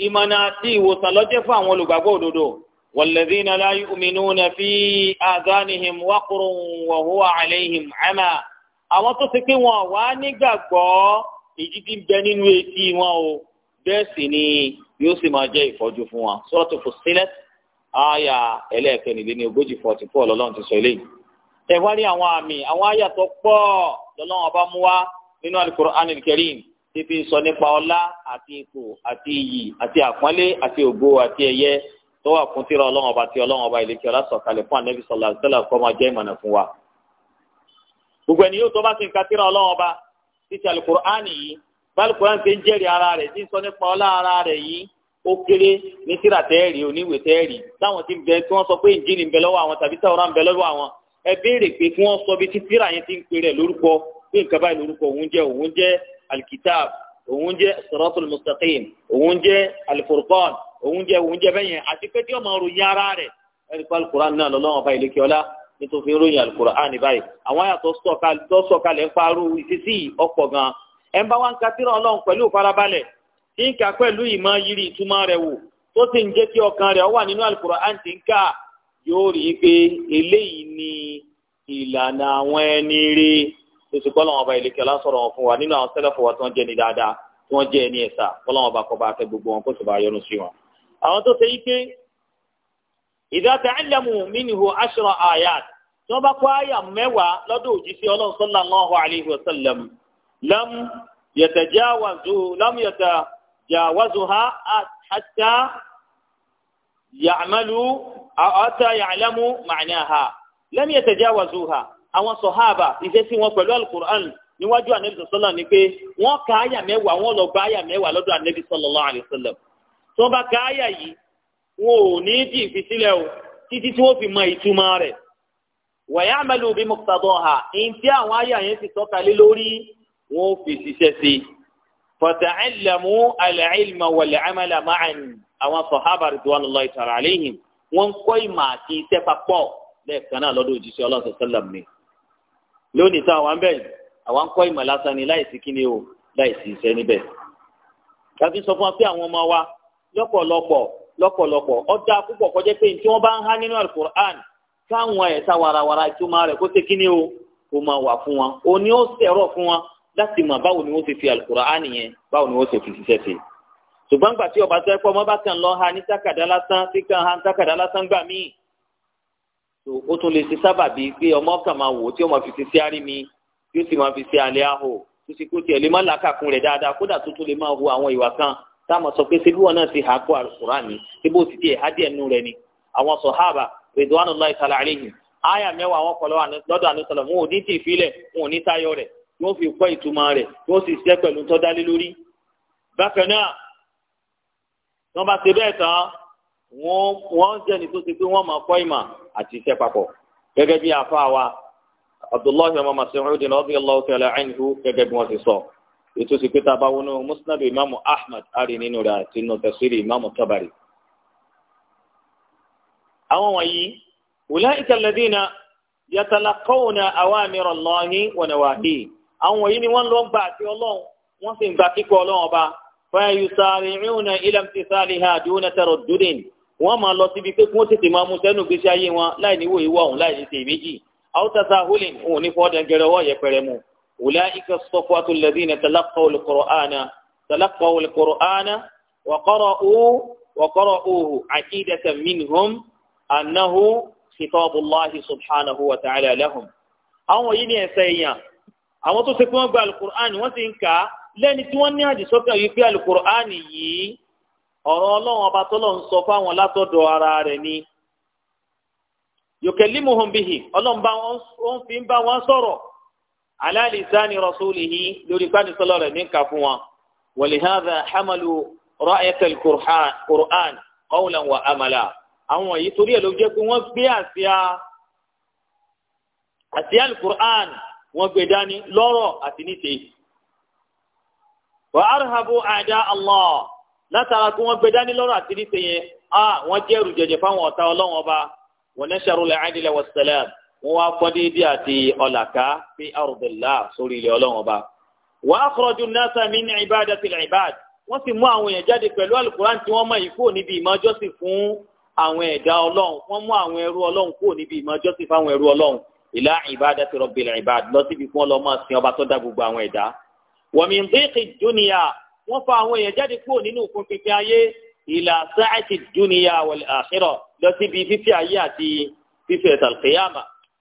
ìmọ̀nà àti ìwòsàn ló fún àwọn olùgbàgbọ́ òdodo والذين لا يؤمنون في آذانهم وقر وهو عليهم عمى àwọn tó ti pé wọn wá nígbàgbọ́ èyí tí ń bẹ nínú etí wọn o bẹ́ẹ̀ sì ni yóò sì máa jẹ́ ìfọ́jú fún wọn Suratu Fussilat àyà ẹlẹ́ẹ̀kẹrìnlẹ́ ní ogójì forty four lọ́lọ́run ti sọ eléyìí. ẹ wá rí àwọn àmì àwọn àyà tó pọ̀ lọ́lọ́run ọba mú wá nínú Al-Qur'anil Karim títí sọ nípa ọlá àti ipò àti iyì àti àpọ́nlé àti ògo àti ẹ̀yẹ tó wà fún tírà ọlọ́run ọba tí ọlọ́run ọba ìlẹ́kẹ́ ọlá sọ̀kalẹ̀ fún anabi sọ̀lá sẹ́lá kọ́ máa jẹ́ ìmọ̀nà fún wa. gbogbo ẹni yóò tó bá ti ń ka tírà ọlọ́run ọba títí alukur'ani yìí balukur'ani ti ń jẹ́rìí ara rẹ̀ ti ń sọ nípa ọlá ara rẹ̀ yìí ó kéré ní tírà tẹ́ẹ̀rì oníwèé tẹ́ẹ̀rì táwọn ti bẹ tí wọ́n sọ pé ìnjílì ń lọ́wọ́ àwọn tàbí tàwọn ń lọ́wọ́ àwọn ẹ béèrè pé kí wọ́n sọ bí tí tírà yẹn ti ń pè rẹ̀ lórúkọ pé nǹkan báyìí lórúkọ òun jẹ́ òun jẹ́ alikitab òun jẹ́ siratul mustaqim òun jẹ́ alifurqan òun jẹ òun jẹ bẹ́yẹn àti pé tí ọmọ ròyìn ara rẹ̀ ẹni pé alukur'an náà lọ́lọ́run ọba ìlẹ́kì ọlá nítorí ròyìn alukur'an báyìí àwọn àyà sọ̀kalẹ̀ ń parú ìfísí ọ̀pọ̀ gan ẹ̀ ń bá wá ń ka tírà ọlọ́run pẹ̀lú ìfarabalẹ̀ tí ń pẹ̀lú yiri ìtumọ̀ rẹ̀ wò tó sì ń jẹ́ kí ọkàn rẹ̀ wà nínú alukur'an tí ń ka yóò rí i pé eléyìí ni ìlànà àwọn ẹni rí fún wa nínú àwọn àwọn tó ṣe yí pé idha ta'allamu minhu ashra ayat tí wọ́n bá kó àyà mẹ́wàá lọ́dọ̀ òjíṣẹ́ ọlọ́run sallallahu alayhi wa sallam lam yatajawazu lam yatajawazuha hatta ya'malu hatta ya'lamu ma'naha lam yatajawazuha àwọn sọ̀háàbà ìṣesí wọn pẹ̀lú alukur'an níwájú ànẹ́bí sọ̀sọ́lá ni pé wọ́n ka àyà mẹ́wàá wọ́n lọ gba àyà mẹ́wàá lọ́dọ̀ ànẹ́bí sallallahu alayhi wa sallam tó bá ka àyà yìí wọn ò ní í dì fi sílẹ̀ o títí tí wọ́n fi mọ ìtumọ̀ rẹ̀ wàyà àmàlù bí mọ̀tàdọ̀ hà ẹ̀yìn tí àwọn àyà yẹn ti tọ́ka lé lórí wọn ò fi ṣiṣẹ́ sí i fọ̀tàcẹ́lẹ̀mú àlẹ́ẹ̀lmà wàlẹ̀ àmàlà máàn àwọn sọ̀hábà ridwanullahi ta'ala alayhim wọ́n kọ́ ìmọ̀ àti iṣẹ́ papọ̀ lẹ́ẹ̀kan náà lọ́dọ̀ òjíṣẹ́ ọlọ́sọ̀ lónìí táwọn àwọn bẹ́ẹ̀ àwọn kọ́ ìmọ̀ lásán ni láìsí lọ́pọ̀lọpọ̀ lọ́pọ̀lọpọ̀ ọjà púpọ̀ kọjá pé tí wọ́n bá ń há nínú alukur'an káwọn ẹ̀ta warawara ìtumọ̀ rẹ̀ kó ṣe o kó máa wà fún wọn o ní ó ṣẹ̀rọ̀ fún wọn láti mọ̀ báwo ni wọ́n ṣe fi alukur'an yẹn báwo ni wọ́n ṣe fi ṣiṣẹ́ ṣe. ṣùgbọ́n gbàtí ọba sọ pé ọmọ bá kàn lọ ha ní tákàdá lásán tí kàn ha ní tákàdá lásán gbà míì tó o tún lè ṣe sábàbí pé ọmọ kàn máa wò tí ó máa fi ṣe sí mi tí ó sì máa fi ṣe àlẹ́ àhò tó sì kó tiẹ̀ lè má làákàkún táwọn sọ pé ṣé bí wọn náà ti hà kó alukur'an ni ṣé bó ti tiẹ̀ hádìẹ̀ nù rẹ ni àwọn sọ̀hábà ridwanullahi ta'ala alayhim àyà mẹ́wàá àwọn kọlọ́wà lọ́dọ̀ àníṣọ́lọ̀ wọn ò ní tì fílẹ̀ wọn ò ní tayọ rẹ̀ yóò fi kọ́ ìtumọ̀ rẹ̀ yóò sì ṣiṣẹ́ pẹ̀lú tó dálé lórí. bákan náà wọ́n bá ṣe bẹ́ẹ̀ tán wọ́n jẹ́ ní tó ṣe pé wọ́n máa kọ́ ìmọ̀ àti iṣẹ́ papọ̀ gẹ́gẹ́ bí àfa wa Abdullahi ọmọ Mas'ud radiyallahu ta'ala anhu gẹ́gẹ́ bí wọ́n ti sọ ètò sì pé tá a bá wọnú musnadu imamu ahmad ari nínú rẹ̀ àti nínú tafsiri imamu tabari. àwọn wọ̀nyí ulaika alladhina yatalaqawna awamira Allahi wa nawahihi àwọn wọ̀nyí ni wọ́n lọ gbà àti ọlọ́run wọ́n sì ń gbà kíkọ́ ọlọ́run ọba fa yusari'una ila imtithaliha duna taraddudin wọ́n máa lọ síbi pé kí tètè máa mú sẹ́nu gbèsè ayé wọn láì níwò ìwọ ọ̀hún láì ní tèméjì àwọn tata hulin òun ní fọ́ọ̀dẹ̀ gẹrẹ ọwọ́ yẹpẹrẹ mu أولئك الصفوة الذين تلقوا القرآن تلقوا القرآن وقرأوا وقرأوه عقيدة منهم أنه خطاب الله سبحانه وتعالى لهم àwọn yìí ni ẹsẹ èèyàn àwọn tó ṣe pé wọ́n gba alukur'ani wọ́n sì ń kà á lẹ́ni tí wọ́n ní àdìsọ́kàn yìí pé alukur'ani yìí ọ̀rọ̀ Ọlọ́run ọba tó lọọ ń sọ fáwọn látọ̀dọ̀ ara rẹ̀ ni yòkèlímù hàn bìhì Ọlọ́run bá wọn fi ń bá wọn sọ̀rọ̀ ala lisani rasulihi lórí pàdé sọlọ rẹ̀ ní kà fún wọn walihadha hamalu ra'ayatul qur'an qawlan wa amala àwọn yìí torí ẹ̀ ló jẹ́ pé wọ́n gbé àsíá àsíá alukur'an wọ́n gbé dání lọ́rọ̀ àti níṣe wa arhabu ada allah látara pé wọ́n gbé dání lọ́rọ̀ àti níṣe yẹn a wọ́n jẹ́ ẹrù jẹjẹ fáwọn ọ̀tá ọlọ́wọ́n ọba wa nasharu al-adla was salam wọ́n wá fọ́ déédéé àti ọ̀làká fi àrùbẹ̀lá sórí ilẹ̀ ọlọ́run ọba. wà á kọ́rọ́jú nasa mi ní ìbáda ti ìbáda wọ́n sì mú àwọn èèyàn jáde pẹ̀lú alukuran tí wọ́n mọ ìkó níbi ìmọ̀jọ́sìn fún àwọn ẹ̀dá ọlọ́run wọ́n mú àwọn ẹrú ọlọ́run kó níbi ìmọ̀jọ́sìn fún àwọn ẹrú ọlọ́run ìlà ìbáda ti rọ̀bìl ìbáda lọ síbi fún ọlọ́mọ sin ọba tó dá gbogbo àwọn ẹ̀dá. wọ̀mí ndéèkì dúnìyà wọ́n fa àwọn fífẹ́ ayé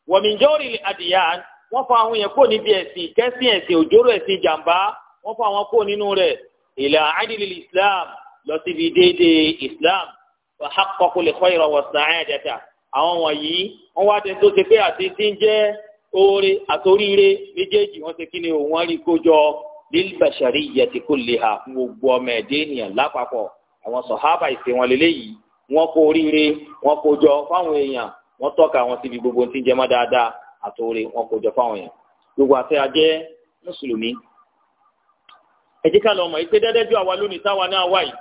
wọ̀mìjọ́rì àdìyàn wọ́n fa àwọn yẹn kó níbi ẹ̀sìn kẹ́sìn ẹ̀sìn òjòrò ẹ̀sìn jàǹbá wọ́n fa àwọn kó nínú rẹ̀ ìlà àdìlì islam lọ síbi déédéé islam wà á kọ́kọ́ lè kọ́ ìrọ̀wọ̀ sàáyàdẹ́ta àwọn wọ̀nyí wọ́n wá dé tó ṣe pé àti tí ń jẹ́ oore àtòríire méjèèjì wọ́n ṣe kí ni òun wọ́n rí kójọ lílbàṣàrí ìyẹtì kò lè hà fún gbogbo ọmọ ẹ̀dẹ́ ènìyàn lápapọ̀ àwọn sọ̀hábà ìsìn wọn lélẹ́yìí wọ́n kó oríire wọ́n kójọ fáwọn èèyàn wọ́n tọ́ka wọn síbi gbogbo ń jẹ́ mọ́ dáadáa wọn kò jọ fáwọn yẹn gbogbo àti ajẹ́ mùsùlùmí. ẹ jẹ́ ká lọ mọ̀ pé dẹ́dẹ́ bí àwa lónìí táwa náà wà yìí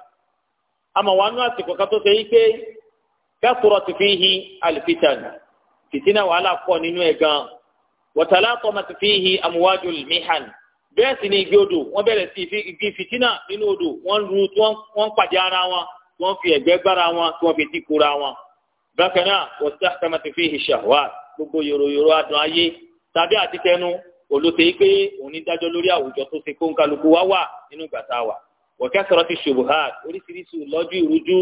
àmọ́ wàá nú àsìkò kan tó ṣe yí pé ti fi hi àlùfíìtàn fìtínà wàhálà pọ̀ nínú ẹ̀ gan wọ̀tàlá ti fi hi àmúwájú mihan bẹ́ẹ̀ sì ni igi odò nínú odò wọ́n fi ẹ̀gbẹ́ gbára wọn tí fi ti kura wọn. bákan náà wastahkamat fihi shahwat gbogbo yòròyòrò adùn ayé tàbí àtitẹnu olóte yìí pé òun ní dájọ́ lórí àwùjọ tó ṣe kóńkálukú wá wà nínú gbàtà wà wa kathrati shubuhat oríṣiríṣi ìlọ́jú ìrújú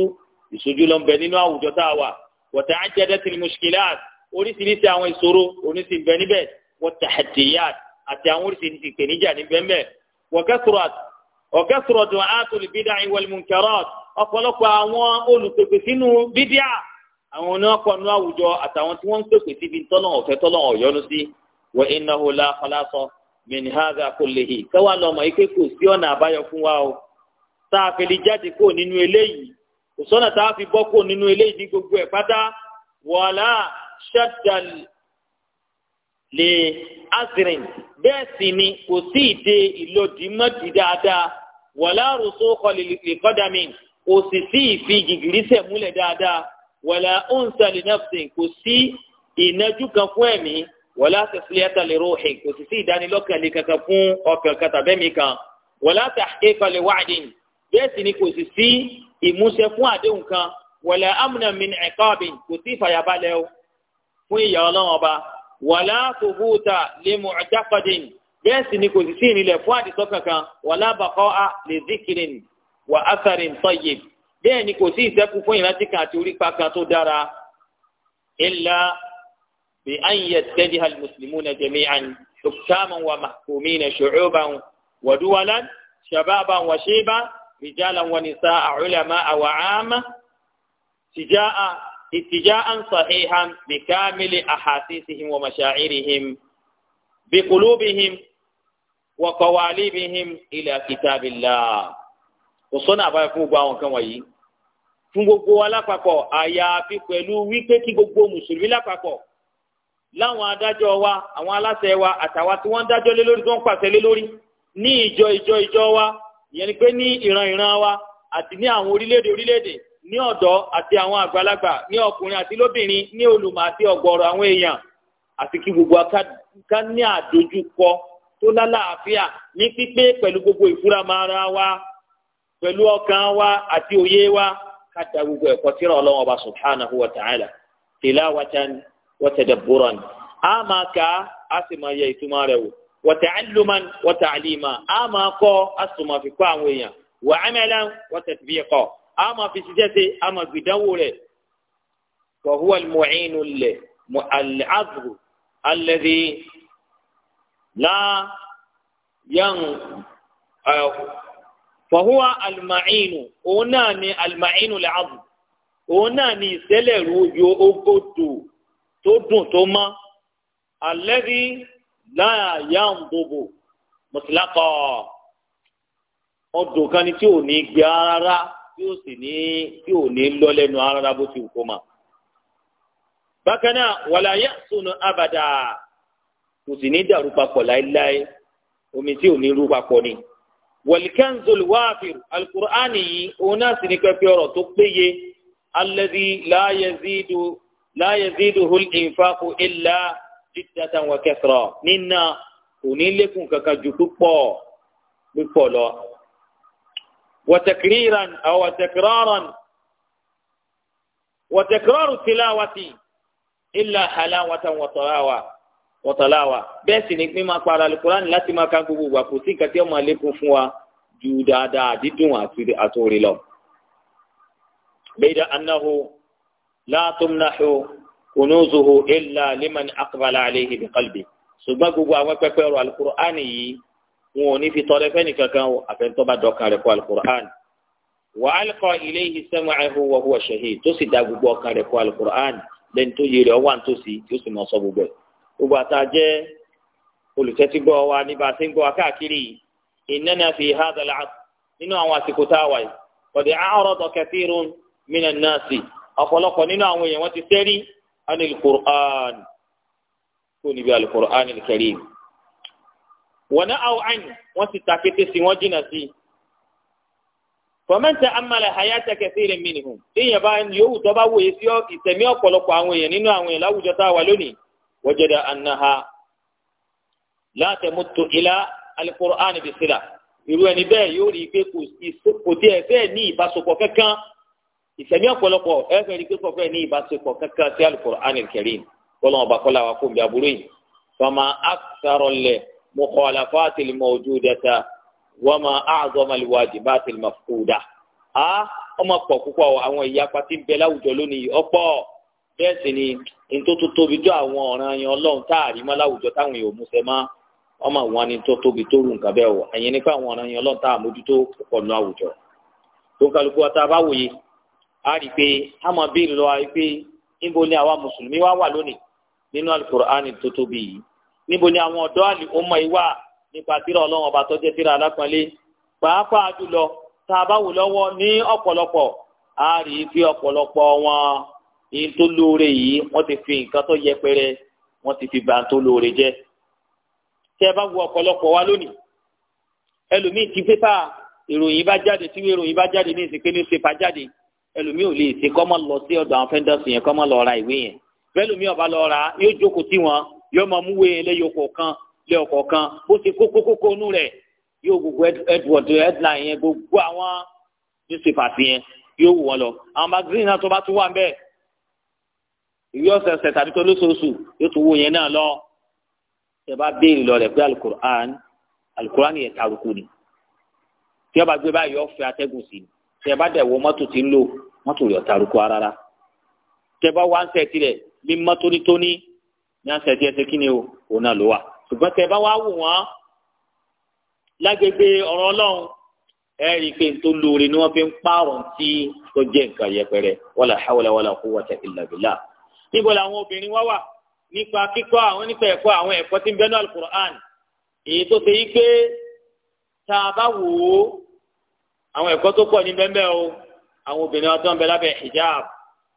ìṣojú ló bẹ nínú àwùjọ tá a wà wa ta'addadatil mushkilat oríṣiríṣi àwọn ìṣòro oníṣìí bẹ níbẹ̀ wa tahaddiyat àti àwọn oríṣiríṣi ìpèníjà níbẹ̀ mẹ́ wa kathrat àwọn oníwàpọ̀nù àwùjọ àtàwọn tí wọ́n ń pèpè síbi tọ́lọ̀ ọ̀fẹ́ tọ́lọ̀ ọ̀yọ́nu sí wa innahu la khalasa min hadha kullihi káwá lọ́mọ ike kò sí ọ̀nà àbáyọ fún wa o tá a fi lè jáde kó nínú eléyìí kò sọ́nà tá a fi bọ́ kó nínú eléyìí ní gbogbo ẹ̀ pátá wala shaddal lè azrin bẹ́ẹ̀ sì ni kò sí ìdè ìlòdì mọ́tì dáadáa wala rusukha lil qadami kò sì sí ìfi gìgìrísẹ̀ múlẹ̀ dáadáa wàlà òǹsà lè nàfsìn kò sí ìnájú kan fún ẹ̀mí wàlà tẹ̀sílẹ̀tà lè rọ̀hìn kò sì sí ìdánilọ́kànlé kankan fún ọkàn kàtàbẹ́mì kan wàlà tàkíkà lè wáàdìn bẹ́ẹ̀ sì ni kò sì sí ìmúṣẹ fún àdéhùn kan wàlà amúnà mi ẹ̀kọ́bìn kò sí ìfàyàbalẹ̀ o fún ìyà ọlọ́run ọba wàlà tòbúta lè mú ọjàkọ́dìn bẹ́ẹ̀ sì ni kò sì sí ìrìnlẹ̀ fún àdìsọ́ kankan wàlà bàkọ́ a lè zikirin wà á sàrìn tọ́yìn bẹ́ẹ̀ ni kò sí ìṣẹ́kù fún ìrántí kan àti orí pa kan tó dára illa bi an yattajiha al-muslimuna jami'an hukkaman wa mahkumina shu'uban wa duwalan shababan wa shiban rijalan wa nisa'a ulama'a wa 'amma tija'a اتجاء صحيحا بكامل أحاسيسهم ومشاعرهم بقلوبهم وقوالبهم إلى كتاب الله kò sọ́nà àbáyọ fún gbogbo àwọn nǹkan wọ̀nyí fún gbogbo wa lápapọ̀ àyàfi pẹ̀lú wípé kí gbogbo mùsùlùmí lápapọ̀ láwọn adájọ́ wa àwọn aláṣẹ wa àtàwa tí wọ́n ń dájọ́ lé lórí tí wọ́n ń pàṣẹ lé lórí ní ìjọ ìjọ ìjọ wa ìyẹn ni pé ní ìran ìran wa àti ní àwọn orílẹ̀-èdè orílẹ̀-èdè ní ọ̀dọ́ àti àwọn àgbàlagbà ní ọkùnrin àti lóbìnrin ní olùmọ̀ àti ọ̀gọ̀ọ̀rọ̀ àwọn èèyàn àti kí gbogbo ká ní àdójúkọ tó lálàáfíà ní pípé pẹ̀lú gbogbo ìfúramọ́ wa pẹ̀lú ọkàn wa àti òye wa ká da gbogbo ẹ̀kọ́ tírà ọlọ́wọ́ Ọba subhanahu wa ta'ala tilawatan wa tadabburan a máa kà á a sì máa yẹ ìtumọ̀ rẹ̀ wò wa ta'alluman wa ta'lima a máa kọ́ a sì máa fi kọ́ àwọn èèyàn wa amalan wa tatbiqa a máa fi ṣiṣẹ́ ṣe a máa gbìdánwò rẹ̀ wa huwa al-mu'inu al-'azbu alladhi la yan. fọ̀húwà alìmọ̀ínù òun náà ni alìmọ̀ínù làbù òun náà ni ìṣẹ̀lẹ̀rú ojú ogójò tó dùn tó mọ́ alẹ́rí láàyà ń bòbò mọ̀sílákọ̀ ọdún kan ni tí ò ní gbé rárá tí ò sì ní tí ò ní lọ lẹ́nu rárá bó ti kó ma. bákan náà wàlàyé sunu abàdà kò sì ní dàrú papọ̀ láéláé omi tí ò ní rú papọ̀ ni wọ̀lìkẹ́ńzol wáfìr alukur'ani yìí òun náà sì ní pẹ́pẹ́ ọ̀rọ̀ tó péye alẹ́dí láyẹ̀zídù hul ìfàkù ìlà dídátà wọn kẹsàrọ̀ nínà òní lékun kankan ju púpọ̀ púpọ̀ lọ. wàtẹ̀kìrìrán àwọn wàtẹ̀kìrọ̀rán wàtẹ̀kìrọ̀rù tìláwàtì ìlà hàlà wàtàwàtàwà wọ́tàlá wa bẹ́ẹ̀ sì ni pé máa para alukurani láti máa ka gbogbo wa kò sí nǹkan tí ó máa lékún fún wa ju dáadáa dídùn àtòrí lọ. bẹ́ẹ̀dá anáhu látọ̀mnáhu kùnúzùhù ilà liman akbala aleyhi bi qalbi ṣùgbọ́n gbogbo àwọn pẹpẹ ọ̀rọ̀ alukurani yìí wọn ò ní fi tọrẹ fẹ́ni kankan àfẹnutọ́ba dọ̀kan rẹ̀ kó alukurani wa alqa ilayhi sam'ahu wa huwa shahid tó sì dá gbogbo ọkàn rẹ̀ kó alukurani lẹ́ni tó yẹ rẹ̀ ọwọ́ àǹtòsí yóò sì mọ̀ sọ gbogbo ẹ̀ gbogbo àtà jẹ́ olùtẹ́tígbọ́ wa ní bá a ṣe ń gbọ́ wa káàkiri innana fi hadha al-asr nínú àwọn àsìkò tá a wà yìí qad a'rada kathirun minan nasi ọ̀pọ̀lọpọ̀ nínú àwọn èèyàn wọ́n ti sẹ́rí anil qur'an kó níbi al-qur'an al-karim wa na'aw anhu wọ́n ti takété sí wọ́n jìnnà sí i faman hayata kathirin minhum téèyàn bá yòówù tó bá wòye sí ìtẹ̀mí ọ̀pọ̀lọpọ̀ àwọn èèyàn nínú àwọn èèyàn láwùjọ tá a wà lónìí وجد أنها لا تمت إلى القرآن بصلة irú ẹni bẹ́ẹ̀ yóò rí i pé kò tí ẹ fẹ́ ní ìbáṣepọ̀ kankan ìsẹ̀mí ọ̀pọ̀lọpọ̀ ẹ fẹ́ rí i pé kò fẹ́ ní ìbáṣepọ̀ kankan sí al-Qur'anil Karim kọ́lọ́n ọba kọ́lá wa fún mi àbúrò yìí. fama aktharul mukhalafatil mawjudata wama a'zamal wajibatil mafquda. a ọmọ pọ̀ púpọ̀ àwọn ìyapa tí ń bẹ láwùjọ lónìí ọ̀pọ̀ bẹ́ẹ̀ sì ni ní tó tó tóbi jọ àwọn ọ̀ràn yẹn ọlọ́run tá a rí mọ́ láwùjọ táwọn èèyàn ò mú sẹ́ mọ́ ọmọ àwọn ni tó tóbi tó rù nǹkan bẹ́ẹ̀ wọ̀ ẹ̀yìn nípa àwọn ọ̀ràn yẹn ọlọ́run tá a mójútó àwùjọ. tó kálukú wa bá wòye a rí i pé a mọ̀ bí lọ́wọ́ a pé níbo ni àwa mùsùlùmí wá wà lónìí nínú alukur'ani tó tóbi yìí níbo ni àwọn ọ̀dọ́ àlè ó mọ ìwà nípa tírà ọlọ́run ọba tó jẹ́ tírà alápọ̀nlé pàápàá jùlọ yìí tó lóore yìí wọ́n ti fi nǹkan tó yẹpẹrẹ wọ́n ti fi ba tó lóore jẹ́ tẹ ẹ bá wo ọ̀pọ̀lọpọ̀ wa lónìí ẹlòmíì ti pépà ìròyìn bá jáde tí ìròyìn bá jáde ní ìsìnkú ní ìsìnkú jáde ẹlòmíì ò lè ṣe kọ́ mọ́ lọ sí ọ̀dọ̀ àwọn fẹ́ndọ̀sì yẹn kọ́ mọ́ lọ ra ìwé yẹn bẹ́ẹ̀lòmíì ọba lọ ra yóò jókòó tí wọn yóò máa mú wéyẹn lẹ́yọkọ̀ kan lẹ́ọkọ̀ kan bó ti kókó kókó nú rẹ̀ yóò gbogbo edward headline yẹn gbogbo àwọn newspapers yẹn yóò wù wọn lọ àwọn magazine náà tó bá tún wà ń bẹ́ẹ̀ ìwé ọ̀sẹ̀ọ̀sẹ̀ tàbí tó lóṣooṣù yóò tún wo yẹn náà lọ ṣe bá béèrè lọ rẹ̀ pé alukur'an alukur'an yẹn taruku ni tí ọba gbé báyìí ọ̀fẹ́ atẹ́gùn sí ni tí bá dẹ̀ wọ mọ́tò tí ń lò mọ́tò rẹ̀ taruku rárá tí ẹ bá wá ń sẹ̀ tirẹ̀ bí mọ́ tónítóní ní àṣẹ tí ẹ ṣe kí ni o òun náà ló wà ṣùgbọ́n tí ẹ bá wá wù wọ́n lágbègbè ọ̀rọ̀ ọlọ́run ẹ̀rí pé tó lóore ni wọ́n fi ń pààrọ̀ tí tó jẹ́ nǹkan yẹpẹrẹ wala hawla wala quwwata illa billah níbo làwọn obìnrin wá wà nípa kíkọ́ àwọn nípa ẹ̀kọ́ àwọn ẹ̀kọ́ tí ń bẹ́nu alukur'an èyí tó ṣe yí pé tá a bá wò ó àwọn ẹ̀kọ́ tó pọ̀ ní bẹ́ẹ̀ o àwọn obìnrin ọtọ́ ń bẹ lábẹ́ hijab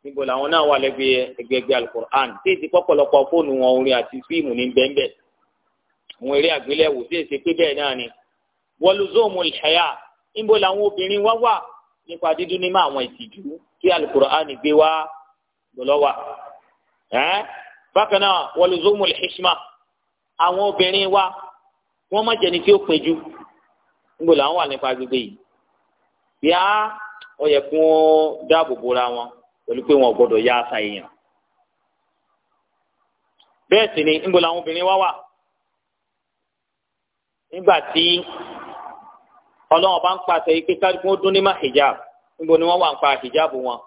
níbo làwọn náà wà lẹ́gbẹ̀ẹ́ ẹgbẹ̀gbẹ̀ alukur'an tí èsì pọ̀pọ̀lọpọ̀ fóònù wọn orin àti fíìmù ní bẹ́ẹ̀ àwọn eré àgbéléwò tí èsì pé bẹ́ẹ̀ náà ni wọlùzọ́ọ̀mù ìhẹ́yà níbo làwọn obìnrin wá wà nípa dídún nímọ̀ àwọn ìtìjú tí alukur'an gbé wá gbọ́lọ́wà ẹ́ bákan náà wọlùzọ́mù lẹ́ṣíṣímà àwọn obìnrin wa wọn má jẹni tí ó pin jù níbo làwọn wà nípa gbogbo yìí bíá ọyẹ dáàbò bóra wọn pẹ̀lú pé wọn ò gbọ́dọ̀ yá àṣà èèyàn bẹ́ẹ̀ ni làwọn obìnrin wà nígbà tí ike hijab ni wọ́n hijab wọn.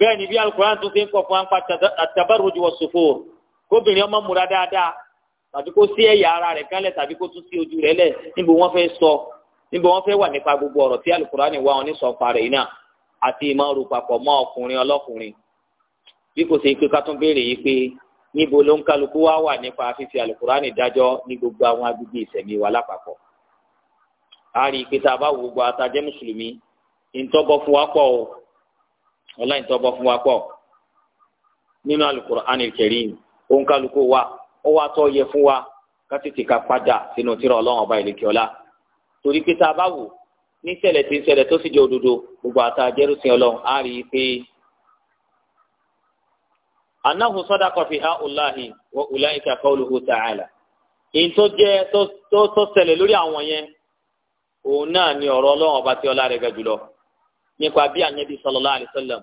bẹ́ẹ̀ ni bí alukur'an tún ṣe ń kọ̀ fún apá àtàbàrùjù wọ sòfò kóbìnrin ọmọ múra dáadáa tàbí kó sí ẹ̀yà ara rẹ̀ kálẹ̀ tàbí kó tún sí ojú rẹ̀ lẹ̀ níbo wọ́n fẹ́ sọ níbo wọ́n fẹ́ wà nípa gbogbo ọ̀rọ̀ tí alukur'an wà wọn ní sọ̀pá rẹ̀ iná àti ìmọ̀ ọ̀rọ̀ papọ̀ mọ́ ọkùnrin ọlọ́kùnrin bí kò ṣe pé ká tún béèrè yìí pé níbo ló ń kálukú wá wà nípa fífi alukur'an dájọ́ ní gbogbo àwọn agbègbè ìṣẹ̀mí wa lápapọ̀ a rí i pé tá a bá wo gbogbo atajẹ́ mùsùlùmí ìtọ́bọ̀ fún wa pọ̀ ọlọ́run tó bọ́ fún wa pọ̀ nínú Al-Qur'an Al-Karim òun kálukú wa ó wá tọ́ yẹ fún wa ká tètè ká padà sínú tírà ọlọ́run ọba ìlẹ̀kẹ́ ọlá torí pé tá a bá wò ní ṣẹlẹ̀ tí ń ṣẹlẹ̀ tó sì jẹ́ òdodo gbogbo àtà jẹ́rùsìn ọlọ́run á rí i pé anahu sadaqa fi ha ulahi wa ulahi ka qawluhu ta'ala èyí tó jẹ́ tó ṣẹlẹ̀ lórí àwọn yẹn òun náà ni ọ̀rọ̀ ọlọ́run ọba tí ọlá rẹ̀ ga jùlọ nípa bí anabi sallallahu alaihi wasallam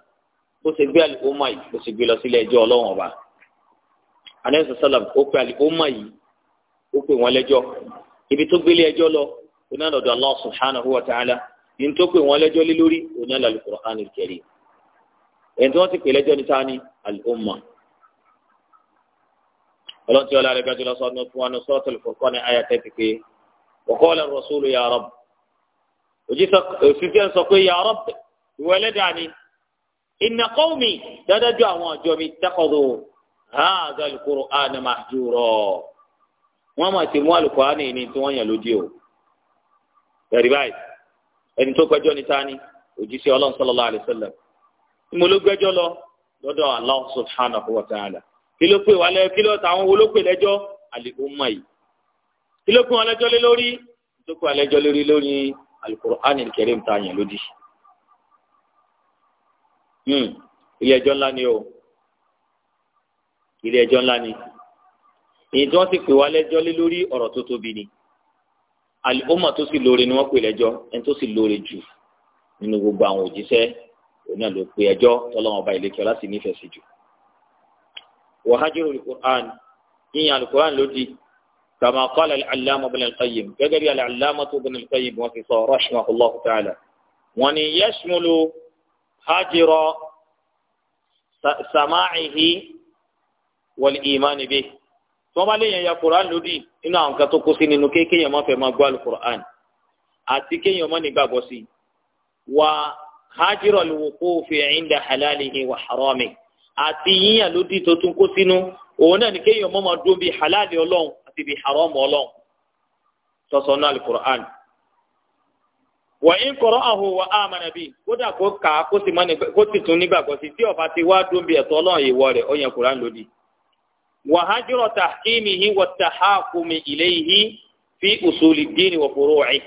bó ṣe gbé àlùkòmọ yìí bó ṣe gbé lọ sílé ẹjọ́ Ọlọ́run ọba anabi sallam ó pe àlùkòmọ yìí ó pe wọn lẹ́jọ́ ibi tó gbélé ẹjọ́ lọ oní Allah subhanahu wa ta'ala ní tó pe wọn lẹ́jọ́ lé lórí oní àlọ al-Qur'an al ẹni tí wọn ti pè lẹ́jọ́ ní sáà ní ọlọ́tí ọlá rẹ̀ gbàdúrà sọ́ọ́ ní fún wa ní suratul ní àyà tẹ́tí pé wa qala ar-rasulu ya Rabb òṣìṣẹ́ sọ pé ya Rabb ìwọ ẹlẹ́dàá ni inna qawmi dádájọ́ àwọn àjọ mi tẹ́kọ̀dọ̀ hadha al-Qur'ana mahjura wọ́n máa ti mú al-Qur'ani ní tí wọ́n yàn lódì o bẹ̀rẹ̀ báyìí ẹni tó gbẹ́jọ́ ni tani òjíṣẹ́ ọlọ́run sallallahu alaihi mo ló gbẹ́jọ́ lọ lọ́dọ̀ Allah subhanahu kí ló pè wá lẹ́ lé lórí tó pè wọn lẹ́jọ́ lórí lórí alukur'an kẹrìm tá a yàn lódì. Hmm, ilé ẹjọ́ ńlá ni o ilé ẹjọ́ ńlá ni èyí tí wọ́n sì pè wá lẹ́jọ́ lé lórí ọ̀rọ̀ tó tóbi ni alùpùpù tó sì lóore ni wọ́n pè lẹ́jọ́ ẹni tó sì lóore jù nínú gbogbo àwọn òjíṣẹ́ òun náà ló pe ẹjọ́ tọ́lọ́wọ́n ọba ìlẹ́kẹ́ láti nífẹ̀ẹ́ sí jù. wàhájú olùkùrán yíyan alùkùrán lódì كما قال العلامة بن القيم كجري العلامة بن القيم وفي رحمه الله تعالى وأن يشمل هجر سماعه والإيمان به ثم لي يا قرآن لدي إن أنك تقصين إنه كي ما في ما قال القرآن أتكي يوم نبغوسي وهجر الوقوف عند حلاله وحرامه àti yíyàn lódì tó tún kó ما òun náà ní àti ibi haram ọlọ́run sọsọ náà alukur'an wà ń kọ́rọ́ àhò wà á mànà bí kódà kó kà á kó sì mọ́ni kó sì tún nígbàgbọ́ sí tí ọ̀fà ti wá dún bí ẹ̀tọ́ ọlọ́run yìí wọ rẹ̀ ó yẹn kur'an lòdì. wà á jọrọ tahkimihi wà tahakumi ilayhi fi usuli dini wà furu'i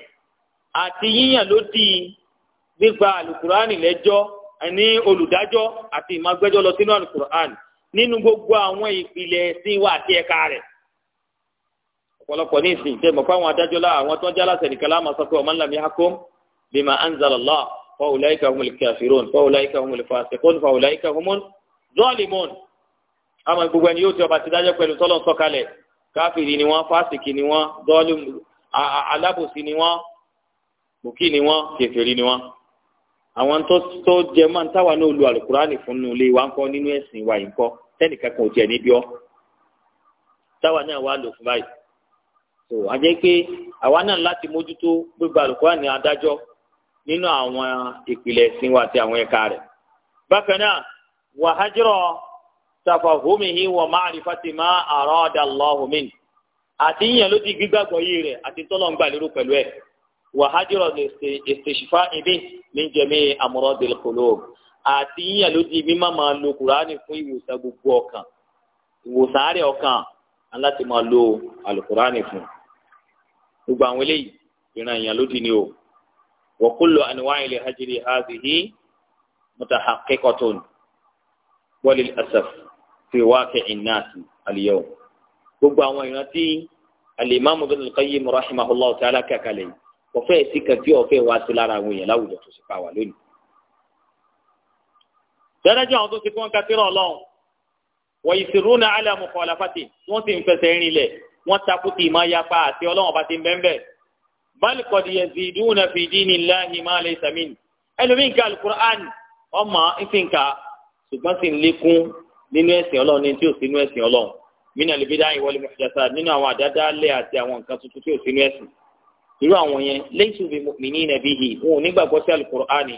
àti yíyàn lòdì gbígba alukur'an lẹ́jọ́ ní olùdájọ́ àti ìmọ̀gbẹ́jọ́ lọ sínú alukur'an nínú gbogbo àwọn ìpìlẹ̀ ẹ̀sìn wa àti ẹ̀ka rẹ̀ ọ̀pọ̀lọpọ̀ ní ìsìn tẹ́ mọ̀ fáwọn adájọ́ la àwọn tó ń jálàsẹ̀ nìkan láàmú sọ pé man lam yahkum bima anzala Allah fa ulaika humul kafirun fa ulaika humul fasiqun fa ulaika humul zalimun. àmọ́ gbogbo ẹni yóò ti ọba ti dájọ́ pẹ̀lú tọ́lọ́ sọ́kalẹ̀ káfíìrì ni wọ́n fásìkì ni wọ́n zọ́ọ̀lì alábòsí ni wọ́n bùkì ni wọ́n kèfèrí ni wọ́n. àwọn tó tó jẹ máa ń táwa náà lu alukurani fún un lé wa ń kọ́ nínú ẹ̀sìn wa yìí kọ́ tẹ́nìkan kan ò tiẹ̀ níbi ọ́ táwa náà wà lò fún báyìí so àjẹ́ pé àwa náà láti mójútó gbégbá àlùkòrán ní adájọ́ nínú àwọn ìpìlẹ̀ ẹ̀sìn wa àti àwọn ẹ̀ka rẹ̀ bákan náà wàhájúrọ̀ tafahumihi wa ma'rifati ma arada Allahu àti yíyan ló di gbígbàgbọ́ yìí rẹ̀ àti tọ́lọ̀ ń pẹ̀lú ẹ̀ fún ìwòsàn gbogbo ọkàn ìwòsàn àárẹ̀ ọkàn aláti máa lo alukurani fún gbogbo àwọn eléyìí ìran èèyàn ló di ni o wa kullu anwa'i li hajri hadhihi mutahaqqiqatun wa lil asaf fi waqi'in nas al-yawm gbogbo àwọn ìran tí alimami bin al-qayyim rahimahullah ta'ala kàkàlẹ̀ yìí ọ̀fẹ́ sí kan tí ọ̀fẹ́ wá sí lára àwọn èèyàn láwùjọ tó sì pa wà lónìí. dẹ́rẹ́jà àwọn tó ti kọ́ ń ka tẹ́rọ ọlọ́run wọ́n ìṣirúnà alamu kọ̀ọ̀láfàtì wọ́n sì ń fẹsẹ̀ rìn lẹ̀ wọ́n takú ti máa yapa àti ọlọ́wọ́n bá ti ń bẹ́ńbẹ́. balikọ̀dì yaziduna fi dinillahi ma laysa min ẹlòmíì nǹkan alukur'an ọmọ ìfìǹkà ṣùgbọ́n sì ń lékún nínú ẹ̀sìn ọlọ́run ní tí ò sínú ẹ̀sìn ọlọ́run mina libida wal muhdathat nínú àwọn àdádálẹ̀ àti àwọn nǹkan tuntun tí ò sínú ẹ̀sìn irú àwọn yẹn laysu bi mu'minina bihi wọn ò nígbàgbọ́ sí alukur'ani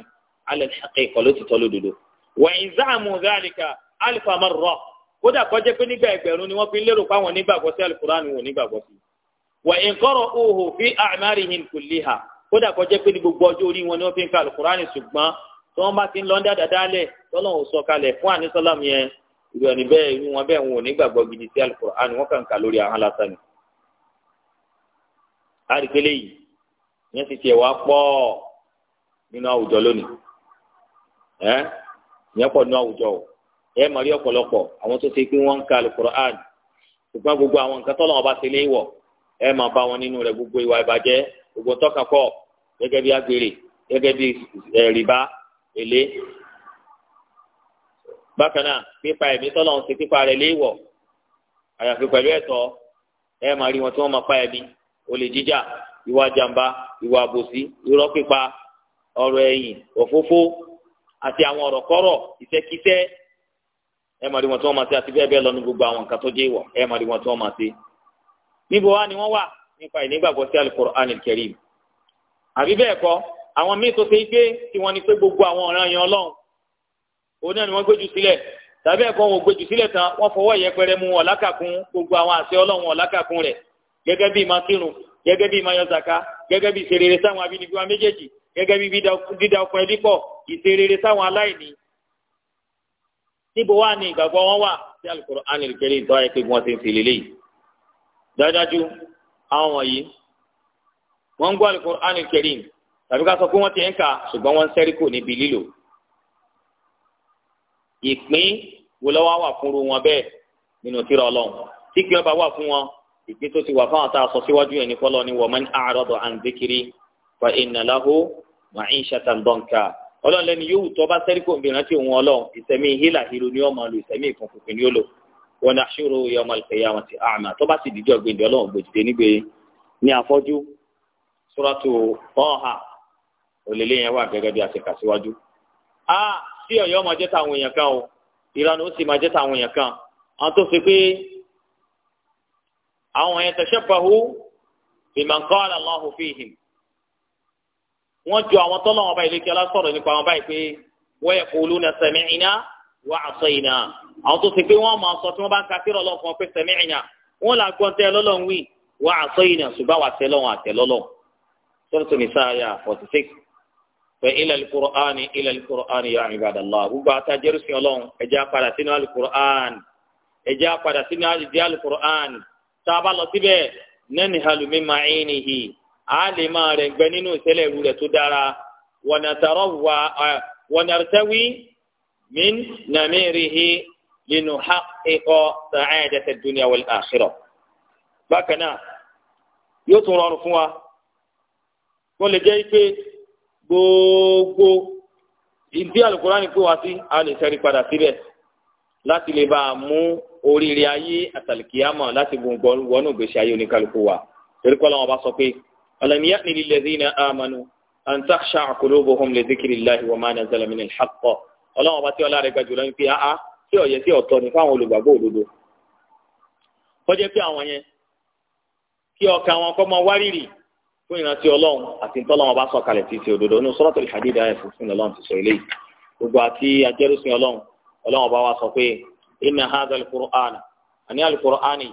ala al ló ti tọ́ lódodo. wa in za'amu dhalika alfa kódà kọjá pé nígbà ẹgbẹ̀rún ni wọ́n fi lérò fáwọn nígbàgbọ́ sí alukurani wò nígbàgbọ́ sí wà ìkọ́rọ̀ òhò fi a'marihim hà kódà kọjá pé ní gbogbo ọjọ́ orí wọ́n fi ń ka ṣùgbọ́n tí wọ́n bá ti ń lọ dáadáa fún yẹn bẹ́ẹ̀ inú wọn bẹ́ẹ̀ wọn ẹ máa rí ọ̀pọ̀lọpọ̀ àwọn tó ṣe pé wọ́n ń ka alukur'an ṣùgbọ́n gbogbo àwọn nǹkan tọ́lọ́ ọba ṣe léèwọ̀ ẹ máa bá wọn nínú gbogbo ìwà ìbàjẹ́ gbogbo tọ́kakọ́ gẹ́gẹ́ bí agbèrè gẹ́gẹ́ bí rìbá èlé bákan náà pípa ẹ̀mí tọ́lọ́ àyàfi pẹ̀lú ẹ̀tọ́ wọn tí wọ́n pa ẹ̀mí olè jíjà ìwà ìwà àbòsí irọ́ pípa ọ̀rọ̀ ẹ̀yìn òfófó àti àwọn ẹ máa rí wọn tí wọ́n máa ṣe àti bẹ́ẹ̀ bẹ́ẹ̀ lọ ní gbogbo àwọn nǹkan tó dé wọ̀ ẹ máa rí wọn tí wọ́n máa ṣe. níbo wá ni wọ́n wà nípa ìnígbàgbọ́ sí Al-Qur'an Al-Karim àbí bẹ́ẹ̀ kọ́ àwọn míì tó ṣe gbé tí wọ́n ní pé gbogbo àwọn ọ̀ràn yẹn Ọlọ́run òun náà ni wọ́n gbéjú sílẹ̀ tàbí ẹ̀kọ́ wọn ò gbéjú sílẹ̀ tán wọ́n fọwọ́ yẹpẹrẹ mú ọ̀làkàkún gbogbo àwọn àṣẹ Ọlọ́run ọ̀làkàkún rẹ̀ gẹ́gẹ́ bí máa kírun gẹ́gẹ́ bí máa yọ zaka gẹ́gẹ́ bí ìṣerere sáwọn abínibí wa méjèèjì gẹ́gẹ́ bí dídá ọkùnrin dípọ̀ ìṣerere sáwọn aláìní níbo wà ní ìgbàgbọ́ wọn wà sí Al-Qur'an al-Karim ìtọ́ ayé pé wọ́n ti ń fi lélẹ̀ yìí dájúdájú àwọn wọ̀nyí wọ́n ń gbọ́ Al-Qur'an al-Karim tàbí ká sọ pé wọ́n ti ń kà ṣùgbọ́n wọ́n ń sẹ́rí kò níbi lílò ìpín wo lọ́wọ́ wà fún wọn bẹ́ẹ̀ nínú tírà ọlọ́run tí kí ọba wà fún wọn ìpín tó ti wà fún àtà sọ síwájú yẹn ní fọlọ́ ni wa man a'rada an ọlọ́run lẹ́ni yóò tọ́ bá sẹ́ríkò ń bìrántí òun ọlọ́run ìsẹ̀mí hílà hílò ni ó máa lo ìsẹ̀mí ìkùnkùn ni ó lò wọn ni aṣọ́rò yọmọ ìfẹ̀yà wọn ti àmà tó bá sì dìjọ́ gbèdé ọlọ́run gbèdé nígbè ní afọ́jú sọ́ràtò ọ̀hà òlélé yẹn wà gẹ́gẹ́ bí a ṣe kà síwájú. a sí ọ̀yọ́ máa jẹ́ táwọn èèyàn kan o ìranu ó sì máa jẹ́ táwọn èèyàn kan àwọn tó fi pé àwọn èèyàn tẹ̀sẹ̀ pàhó ìmọ̀ nǹkan àlàlá wọ́n jọ àwọn tọ́lọ̀ wọn báyìí lẹ́kẹ́ lásọ̀rọ̀ nípa wọn báyìí pé wọ́n yẹ kó olú na sami'na wa asayna àwọn tó ti pé wọ́n máa sọ tí wọ́n bá ń ka kí lọ́lọ́ fún ọ pé sami'na wọ́n là gbọ́n tẹ́ lọ́lọ́ ń wí wa asayna ṣùgbọ́n wà tẹ́ lọ́wọ́n àtẹ́ lọ́lọ́ sọ́dọ̀tún ní sáyà forty six ilẹ̀ a lè máa rẹ̀ gbẹ nínú ìṣẹ̀lẹ̀ ìlú rẹ̀ tó dára wọnàtàwí min nàmírihi linu ha ẹkọ sàáyàdẹsẹ dúnìá wal akhirah. bákan náà yóò tún rọrùn fún wa kó lè jẹ́ pé gbogbo ìdí alukurani pé wá sí a lè sẹ́rí padà síbẹ̀ láti lè bá a mú oríire ayé àtàlìkíyàmọ̀ láti gbọ̀ngbọ̀n wọnú ìgbésí ayé oníkálukú wa torí kọ́ làwọn bá sọ pé. ألم يأن للذين آمنوا أن تخشع قلوبهم لذكر الله وما نزل من الحق ọlọ́run ọba tí ọlá rẹ̀ ga jùlọ ń fi áá tí ọ̀yẹ́ tí ọ̀tọ̀ ní fáwọn olùgbàgbọ́ òdodo kọjá pé àwọn yẹn kí ọkàn wọn kọ́ mọ wárìrì fún ìrántí ọlọ́run àti ntọ́lọ́run bá sọ kalẹ̀ tí ti òdodo ní Suratul Hadid ayé fúnfún ọlọ́run ti sọ eléyìí gbogbo àti ajẹ́rùsìn ọlọ́run ọlọ́run ọba wa sọ pé inna hadha al-Qur'ana àní al-Qur'ani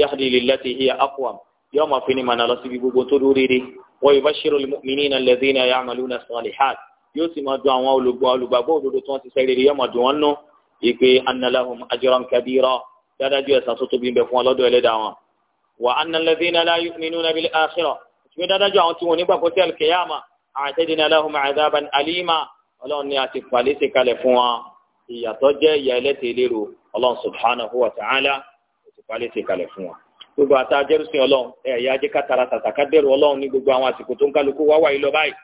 yahdi lillati hiya aqwam yóò máa fi ni màná lọ síbi gbogbo tó dúró rere wa yubashshirul mu'minina alladhina ya'maluna as-salihat yóò sì máa dùn àwọn olùgbọ́ olùgbàgbọ́ òdodo tí wọ́n ti sẹ́rí rere yóò máa dùn wọ́n nú ìpè anna lahum ajran kabira dáadájú ẹ̀san tó tóbi ń bẹ fún wọn lọ́dọ̀ ẹlẹ́dàá wọn. wa anna alladhina la yu'minuna bil akhirah ṣùgbọ́n dáadájú àwọn tí wọn ní gbàgbọ́ sí alkiyama a'tadna lahum 'adhaban alima ọlọ́run ni a ti pàlẹ́ sí kalẹ̀ fún wọn ìyàtọ̀ jẹ́ ìyà ẹlẹ́tẹ̀ẹ́lérò ọlọ́run subhanahu wa ta'ala ti pàlẹ́ sí kalẹ̀ fún wọn gbogbo ata ajẹ́rùsìn ọlọ́run ẹ̀yà ajẹ́ kátara tàtà kádẹ́rù ọlọ́run ní gbogbo àwọn àsìkò tó ń kálukú wá wáyé lọ báyìí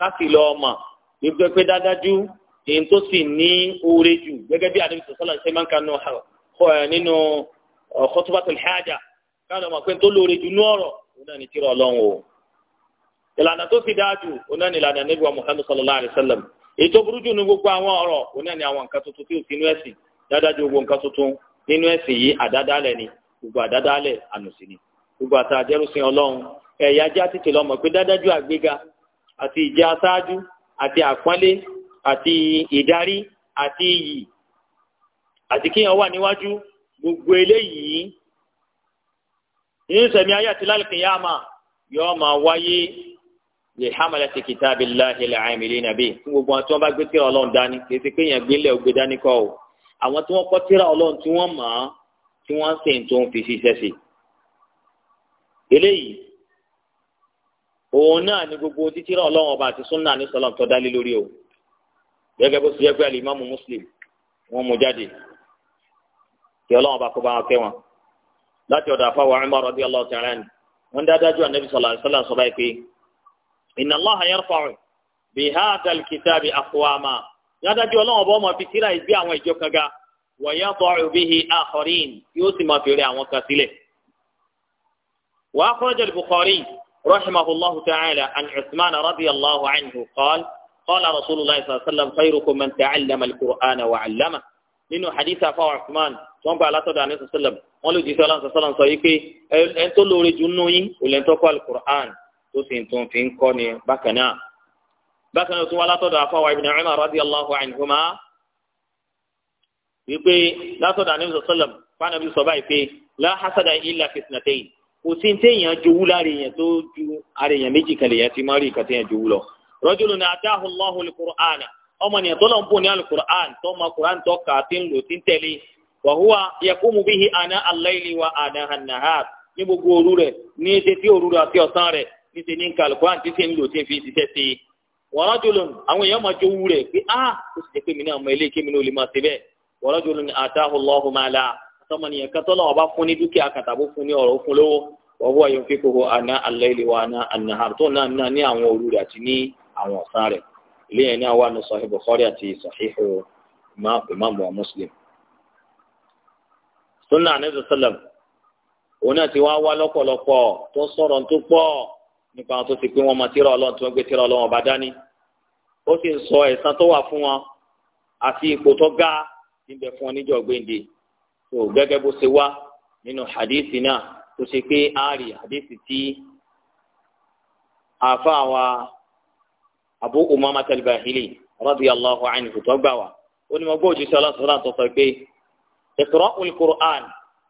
káfí lọ ọmọ gbogbo pé dáadájú èyí tó sì ní oore jù gẹ́gẹ́ bí àdébí sọ́sọ́lá ṣe máa ń kanu nínú khutbatul haja káwọn ọmọ pé tó lóore jù ní ọ̀rọ̀ òun náà ní tírà ọlọ́run o ìlànà tó sì dáa jù òun náà ní ìlànà níbi wa Muhammad sallallahu alayhi wa sallam èyí tó burú jù ní gbogbo àwọn ọ̀rọ̀ òun náà ní àwọn nǹkan tuntun tí ò sí inú ẹ̀sìn dáadájú gbogbo nǹkan tuntun nínú ẹ̀sìn yìí àdádálẹ̀ ni gbogbo àdádálẹ̀ ànùsí ni gbogbo àti àjẹrùsìn ọlọ́run ẹ̀yà ajá títí lọ́mọ pé dádájú àgbéga àti ìjẹ́ aṣáájú àti àpọ́nlé àti ìdarí àti iyì àti kíyàn wà níwájú gbogbo eléyìí nínú sẹ̀mí ayé àti lálẹ́ kìyàmà yóò máa wáyé lè hàmàlẹ́ ti kìtàbí láhìlẹ̀ àìmìlì nàbí fún gbogbo àwọn tí bá gbé tíra ọlọ́run dání kì í ti pé yẹn gbélé ògbé dání kọ́ àwọn tí wọ́n kọ́ tíra ọlọ́run tí wọ́n mọ̀ tí wọ́n sì ń tó ń fi ṣiṣẹ́ sí. eléyìí òun náà ni gbogbo títíra ọlọ́run ọba àti sunna ní sọlọ́m tó dálé lórí o gẹ́gẹ́ bó ṣe jẹ́ pé alimami muslim wọ́n mú jáde kí ọlọ́run ọba kó bá wọn kẹ́ wọn láti ọ̀dọ̀ àfáwọn Umar radiyallahu ta'ala ni wọ́n dá dájú ànábì sallallahu alaihi wasallam sọ báyìí pé inna Allaha yarfa'u bi hadha al-kitabi aqwama yá dájú ọlọ́run ọba ọmọ fi tíra ìgbé àwọn ìjọ kan ويضع به آخرين يوسم في رعوة كاسلة وأخرج البخاري رحمه الله تعالى عن عثمان رضي الله عنه قال قال رسول الله صلى الله عليه وسلم خيركم من تعلم القرآن وعلمه nínú hadith afa Uthman wọn gba alátọdọ àná sọsọlọm wọn lè jíṣẹ́ Ọlọ́run sọsọlọm sọ yìí pé ẹn tó lóore jù nínú yín ò lè ń tọkọ alukur'an tó sì ń tún fi ni bákan náà bákan náà tó wọn afa ibn Umar radiyallahu anhuma wípé látọ̀dọ̀ anabi sọ̀sọ́lọ̀m fanabi sọ báyìí pé láhásádà ilà fìsìnàtẹ́yìn kò sí téèyàn jowú lára èèyàn tó ju ara èèyàn méjì kan ti máa rí jowú lọ. lọ́hùn ọmọ nìyẹn tó lọ́n bò ní alukur'an tó ma tó kà á ti ń lò ń tẹ̀lé wàhùwà yakumu bihi wa ní gbogbo òru ní ètè tí òru rẹ̀ àti ọ̀sán ní jowú rẹ̀ pé ah, wa rajulun ataahu Allahu mala àtọmọnìyàn kan tọ́lọ̀ ọba fún ní dúkìá kàtàbó fún ní ọ̀rọ̀ fún lówó wa huwa yunfiquhu ana al-layli wa ana an-nahar tó náà náà ní àwọn òru rẹ̀ àti ní àwọn ọ̀sán rẹ̀ ilé yẹn náà wà ní Sahih Bukhari àti Sahih ìmáàmù Muslim. sunna anabi sallam òun náà ti wá wá lọ́pọ̀lọpọ̀ tó sọ̀rọ̀ tó pọ̀ nípa tó ti pé wọn mọ tírà Ọlọ́run tí wọ́n gbé tírà Ọlọ́run ọba dání ó sì ń sọ ẹ̀san tó wà fún wọn àti ipò tó ga ń bẹ fún ọ níjọ́ gbéǹde tó gẹ́gẹ́ bó ṣe wá nínú hadisi náà tó ṣe pé àárí hadisi tí àfa wa Abu Umama al-Bahili radiyallahu anhu tó gbà wá ó ní mo gbọ́ òjíṣẹ́ ọlọ́sọ̀rọ̀ àtọ́sọ pé iqra'u al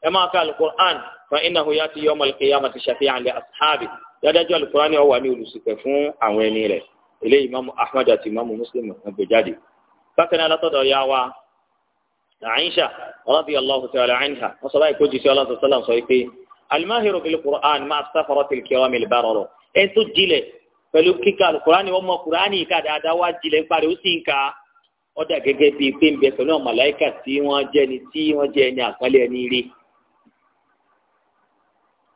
ẹ máa ka al-Qur'an fa innahu ya'ti yawm al-qiyamati shafi'an li ashabi dájájọ́ al-Qur'an ó wà ní olùsìpẹ̀ fún àwọn ẹni rẹ̀ eléyìí Imam Ahmad àti Imam Muslim ọ̀gbẹ̀jáde bákan náà látọ̀dọ̀ yá wa àyíṣà radiyallahu ta'ala anha wọ́n sọ báyìí kó jìṣẹ́ ọlọ́sọ̀ sọ́lá sọ wípé alimahiru bil qur'an máa sáfọ̀rọ̀ tìlì kí ọmọ ìlú rọrọ ẹ̀ tó jilẹ̀ pẹ̀lú kíkà kúránì ọmọ kúránì ká dáadáa wá jilẹ̀ ń parí ó sì ń ka ọ̀dà gẹ́gẹ́ bíi pé ń bẹ pẹ̀lú àwọn màláìkà tí wọ́n ni tí wọ́n jẹ́ ni àpọ́nlé ẹni rí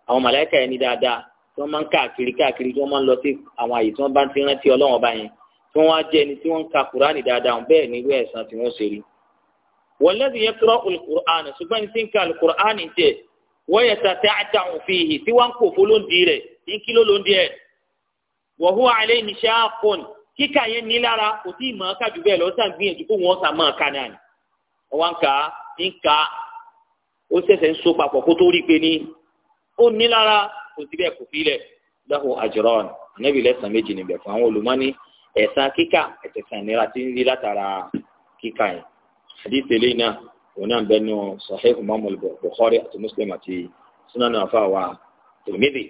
àwọn màláìkà ẹni dáadáa tí wọ́n máa ń káàkiri káàkiri tí wọ́n máa ń lọ sí àwọn àyè tí wọ́n bá ti rántí Ọlọ́run ọba yẹn tí wọ́n wá jẹ́ ni tí wọ́n ń ka kúránì dáadáa ni irú ẹ̀san tí wọ́n ṣe rí wọlẹ́dì yẹ kúrọ́ olùkùránì ṣùgbọ́n ní ti ń ka olùkùránì jẹ wọ́yẹ tàtẹ́ àtàwọn fìhì tí wọ́n ń kó fún lóńdì rẹ̀ ní kí ló lóńdì ẹ̀ wọ̀hú alẹ́ níṣẹ́ àpọ̀n kíkà yẹn ní lára kò tí ì mọ̀ ọ́n kájú bẹ́ẹ̀ lọ sàn gbìyànjú kó wọ́n sàn mọ̀ ọ́n ká náà ni wọ́n ń ka ń ka ó ṣẹ̀ṣẹ̀ ń so papọ̀ kó tó rí pé ní ó ní lára kò sí bẹ́ẹ̀ kò fílẹ̀ lahu ajran ànábì lẹ́sàn méjì níbẹ̀ fún àwọn olùmọ́ni ẹ̀san kíkà ẹ̀sẹ̀sàn ìnira ti ń rí látara kíkà yẹn hadith eléyìí náà òun náà bẹ nù sahih imaamu bukhari àti muslim àti sunanu afaawa tirmidhi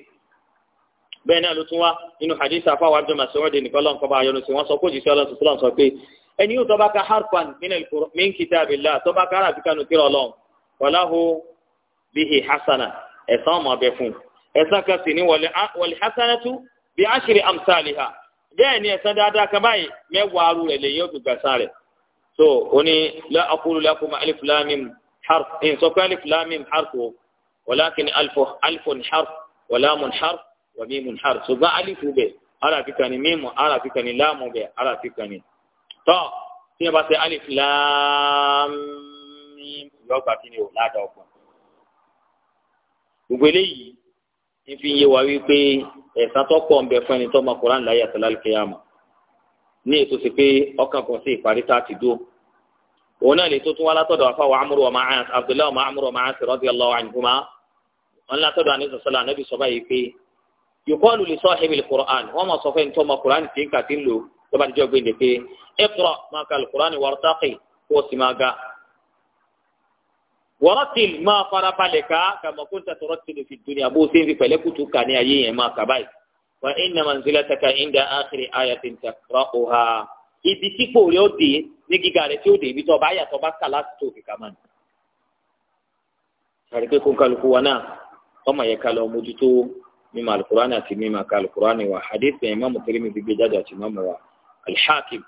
bẹ́ẹ̀ náà ló tún wá nínú hadith afaawa abdul mas'ud nìkan lọ́n kọ́ bá yọnu sí wọ́n sọ pé òjìṣẹ́ ọlọ́sùn tó lọ́n sọ pé ẹni yóò tọ́ba ka harfan min kitabillah tọ́ba ka ara àbíkanu kírọ̀ lọ́n wàláhu bihi hasana ẹ̀san ọmọ abẹ fún ẹ̀san kan sì ní wal hasanatu bi ashri amsalha bẹ́ẹ̀ ni ẹ̀san dáadáa kan báyìí mẹ́wàá arú rẹ̀ lè yóò gbìgbà sáré so ó ní la aqulu lakum alif lam mim harf in sọ pé alif lam mim harf o walakin alifun harf walamun harf wa mimun harf ṣùgbọ́n alifu bẹ̀ arafi kan ni mimu arafi kan ni laamu bẹ̀ arafi kan ni tọ́ tí wọ́n bá ṣe alif lam mim yọ gbà kí ni o gbogbo eléyìí ń fi wa wípé ẹ̀sán tó pọ̀ fún ẹni tó ma Kùránì láyé àtàlálùkẹ́yàmù ní ètò sí pé ọkàn kan sí ìparí tá a ti dúró òun náà lè tó tún wá látọ̀dọ̀ afa wa amúrò ọmọ àyàn abdullahi ọmọ amúrò ọmọ àyàn radiyallahu anhuma wọn látọ̀dọ̀ àníṣe sọlá anábì sọ báyìí pé yòókọ́lù lè sọ ẹ̀mí kùrán wọn mọ̀ sọ fẹ́ nítorí ọmọ kùrán ti ń kà sí ń lò tó bá ti jọ gbèǹde pé iqra máa ka kùrán wartaqi kó o sì máa ga. waratil máa farabalẹ̀ ká kàmọ́kúntà tọrọ tìlù fi dunya bó o sì pẹ̀lẹ́kùtù kà ní ayé yẹn máa kà wa inna manzilataka inda akhiri ayatin takra'uha ibi tí kò rí ó dé ní gíga rẹ̀ tí ó dé ibi tó bá yàtọ̀ bá kà láti tó fìkà mọ ni. sàrí pé kún kálukú wa náà ọmọ yẹn ká lọ mójútó mímọ̀ alukurani àti mímọ̀ ká alukurani wa hadith yẹn imáàmù Tirmidhi fi gbé jáde àti imáàmù wa alhakim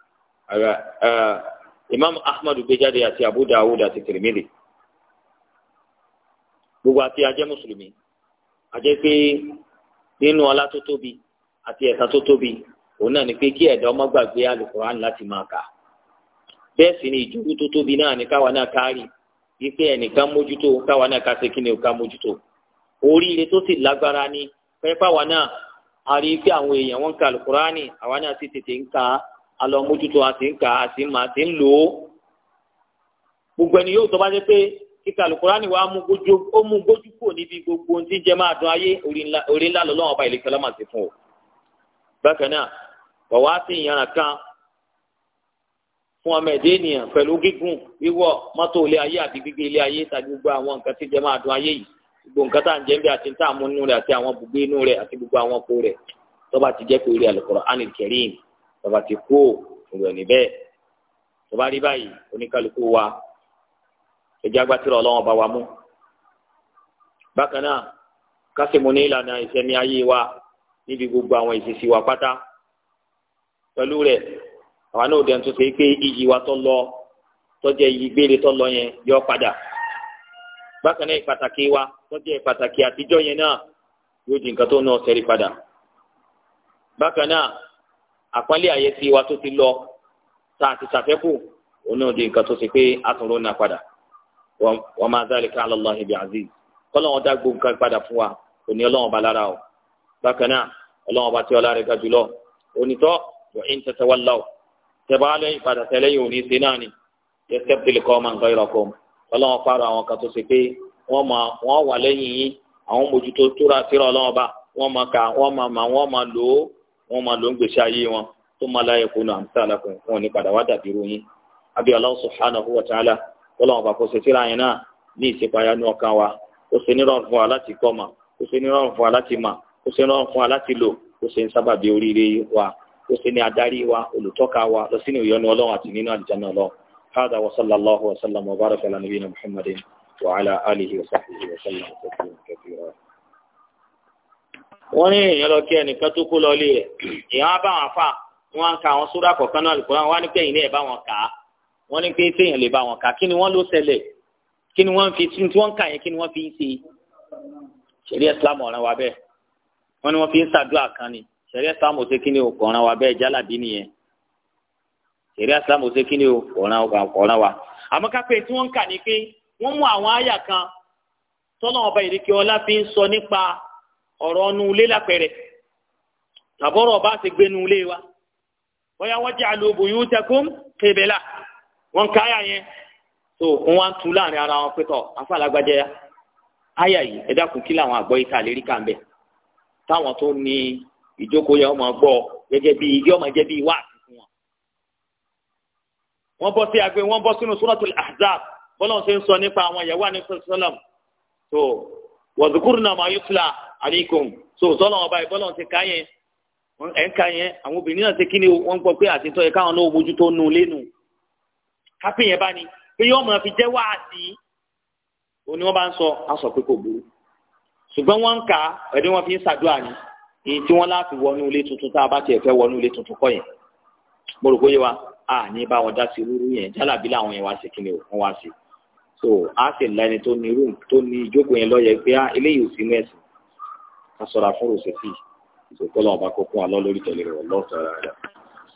imáàmù ahmadu gbé jáde àti abu dawud àti Tirmidhi gbogbo àti ajẹ́ mùsùlùmí àjẹ́ pé nínú ọlá tó tóbi àti ẹ̀san tó tóbi òun náà ni pé kí ẹ̀dá ọmọ gbàgbé alukur'an láti máa kà bẹ́ẹ̀ sì ni ìjókòó tó tóbi náà ni káwa náà kárì wípé ẹnìkan mójútó káwa náà ká ṣe kí ni òkà mójútó oríire tó sì lágbára ni pẹ́pẹ́ àwa náà a rí i pé àwọn èèyàn wọn ń ka alukur'ani àwa náà sì tètè ń ka alọ́ mójútó a sì ń ka a sì ń ma a sì ń lò ó gbogbo ẹni yóò tó bá dé pé kíkà alukurani wa mú gbójú ó mú gbójú kúrò níbi gbogbo ohun tí ń jẹ máa dùn ayé orí ńlá lọ́lọ́run ọba ìlẹ̀kẹ́ lọ́mà ti fún o. bákan náà bàwá sí ìyànà kan fún ọmọ ẹ̀dẹ́ ènìyàn pẹ̀lú gígùn wíwọ̀ mọ́tò ilé ayé àti gbígbé ilé ayé tàbí gbogbo àwọn nǹkan tí ń jẹ máa dùn ayé yìí gbogbo nǹkan tá à ń jẹ́ bí àti tá à mú inú rẹ̀ àti àwọn bùgbé inú rẹ̀ àti gbogbo àwọn kó rẹ̀ tọ́ba ti ẹjẹ agbátìrọ Ọlọ́run ọba wa mú bákan náà kásìmù ní ìlànà ìṣẹ̀mí ayé wa níbi gbogbo àwọn ìṣesí wa pátá pẹ̀lú rẹ̀ àwa náà dẹ̀ tó ṣe pé iyì wa tó lọ tọ́jẹ́ iyì gbére tó lọ yẹn yọ padà bákan náà ìpàtàkì wa tọ́jẹ́ ìpàtàkì àtijọ́ yẹn náà yóò di nǹkan tó náà ṣẹ́rí padà bákan náà àpọ́nlé àyẹ̀sí wa tó ti lọ tá a ti ṣàfẹ́kù òun náà di nǹkan tó ṣe pé a tún rò náà padà wa ma zalika ala Allahi bi aziz kọ́lọ́ wọn dá gbogbo nǹkan padà fún wa kò ní ọlọ́wọ́n ba lára o bákan náà ọlọ́wọ́n bá ti ọlá rẹ̀ ga jùlọ onítọ́ wa in tatawallaw tẹ̀bá lẹ́yìn padà tẹ̀lé yìí ò ní ṣe náà ni yastabdil qawman ghayrakum ọlọ́wọ́n pààrọ̀ àwọn kan tó ṣe pé wọ́n wà lẹ́yìn yín àwọn kọ́lọ́wọ́n bá kó ṣe tíra yẹn náà ní ìṣèpáyà ní ọkàn wa ó ṣe nírọ̀rùn fún wa láti kọ́ mà ó ṣe nírọ̀rùn fún wa láti mà ó ṣe nírọ̀rùn fún wa láti lò ó ṣe ń sábàbí oríire wa ó ṣe ní adarí wa olùtọ́ka wa lọ sínú ìyọ́nú ọlọ́run àti nínú àlùjánnà ọlọ́run hádà wa sallallahu wa wa sallam wọ́n ní èèyàn lọ kí ẹnìkan tó kó lọ lé ẹ̀ èèyàn bá wọn fà wọ́n á ń ka àwọn náà lùkọ́ wọn á ní pẹ́yìn ní ẹ̀ bá wọn kà á wọ́n ní pé téèyàn lè bá wọn kà kí ni wọ́n ló ṣẹlẹ̀ kí ni wọ́n fi tí wọ́n kà yẹn kí ni wọ́n fi ń ṣe ṣẹ̀ríà islam ọ̀ràn wa bẹ́ẹ̀ wọ́n ní wọ́n fi ń ṣàdúrà kan ni ṣẹ̀ríà islam ò ṣe kí ni ọ̀ràn wa bẹ́ẹ̀ jálàbí nìyẹn ṣẹ̀ríà islam ò ṣe kí ni ọ̀ràn wa àmọ́ ká pé tí wọ́n kà ní pé wọ́n mú àwọn àyà kan tọ́nà ọba ìrèké ọlá fi ń sọ nípa ọ̀rọ̀ ọnu ilé lápẹ̀rẹ̀ tàbọ̀rọ̀ ọba ti gbénu ilé wa bóyá wọ́n jẹ́ àlòbù yóò tẹkùn kébẹ̀lá wọ́n ka àyà yẹn so wọ́n wá ń tu láàrin ara wọn pé tọ̀ afa alágbájá àyà yìí ẹ dákun kí làwọn àgbọ̀ yìí ta lè rí kà ń bẹ̀ táwọn tó ní ìjókòó yẹn wọ́n máa gbọ́ gẹ́gẹ́ bí yọ́ máa jẹ́ bí wá àtìkù wọn. wọ́n bọ́ sí agbe wọ́n bọ́ sínú suratul ahzab bọ́lá ṣe ń sọ nípa àwọn ìyàwó àníṣọ́sọ́lọ́m so wọ̀dùkúrú náà máa yúkúlà àríkùn so sọ́lọ́ ọba ìbọ́lá ṣe ká yẹn ẹ̀ ń ká yẹn àwọn obìnrin náà ṣe kí ni wọ́n gbọ́ pé àtìtọ́ yẹ káwọn náà mójútó nù lẹ́nu kápẹ́ yẹn bá ní pé yóò máa fi jẹ́ wáàsí òní wọ́n bá ń sọ á sọ pé kò burú ṣùgbọ́n wọ́n ń kà á ẹ̀dí wọ́n fi ń ṣàdúrà ni èyí tí wọ́n láti wọnú ilé tuntun tá a bá tiẹ̀ fẹ́ wọnú ilé tuntun kọ́ yẹn mo rò bóyá wa a ní bá wọn dá sí rúurú yẹn jálàbí làwọn yẹn wá sí kí ni wọ́n wá sí so a sì lẹni tó ní rúùmù tó ní ìjókòó yẹn lọ́yẹ pé ah, eléyìí ò sí mẹ́sìn ká sọ̀rọ̀ fún òṣèlú ìṣòkòlò ọba kókó alọ́ lórí tẹ̀lé rẹ̀ lọ́ọ̀tọ̀ rẹ̀.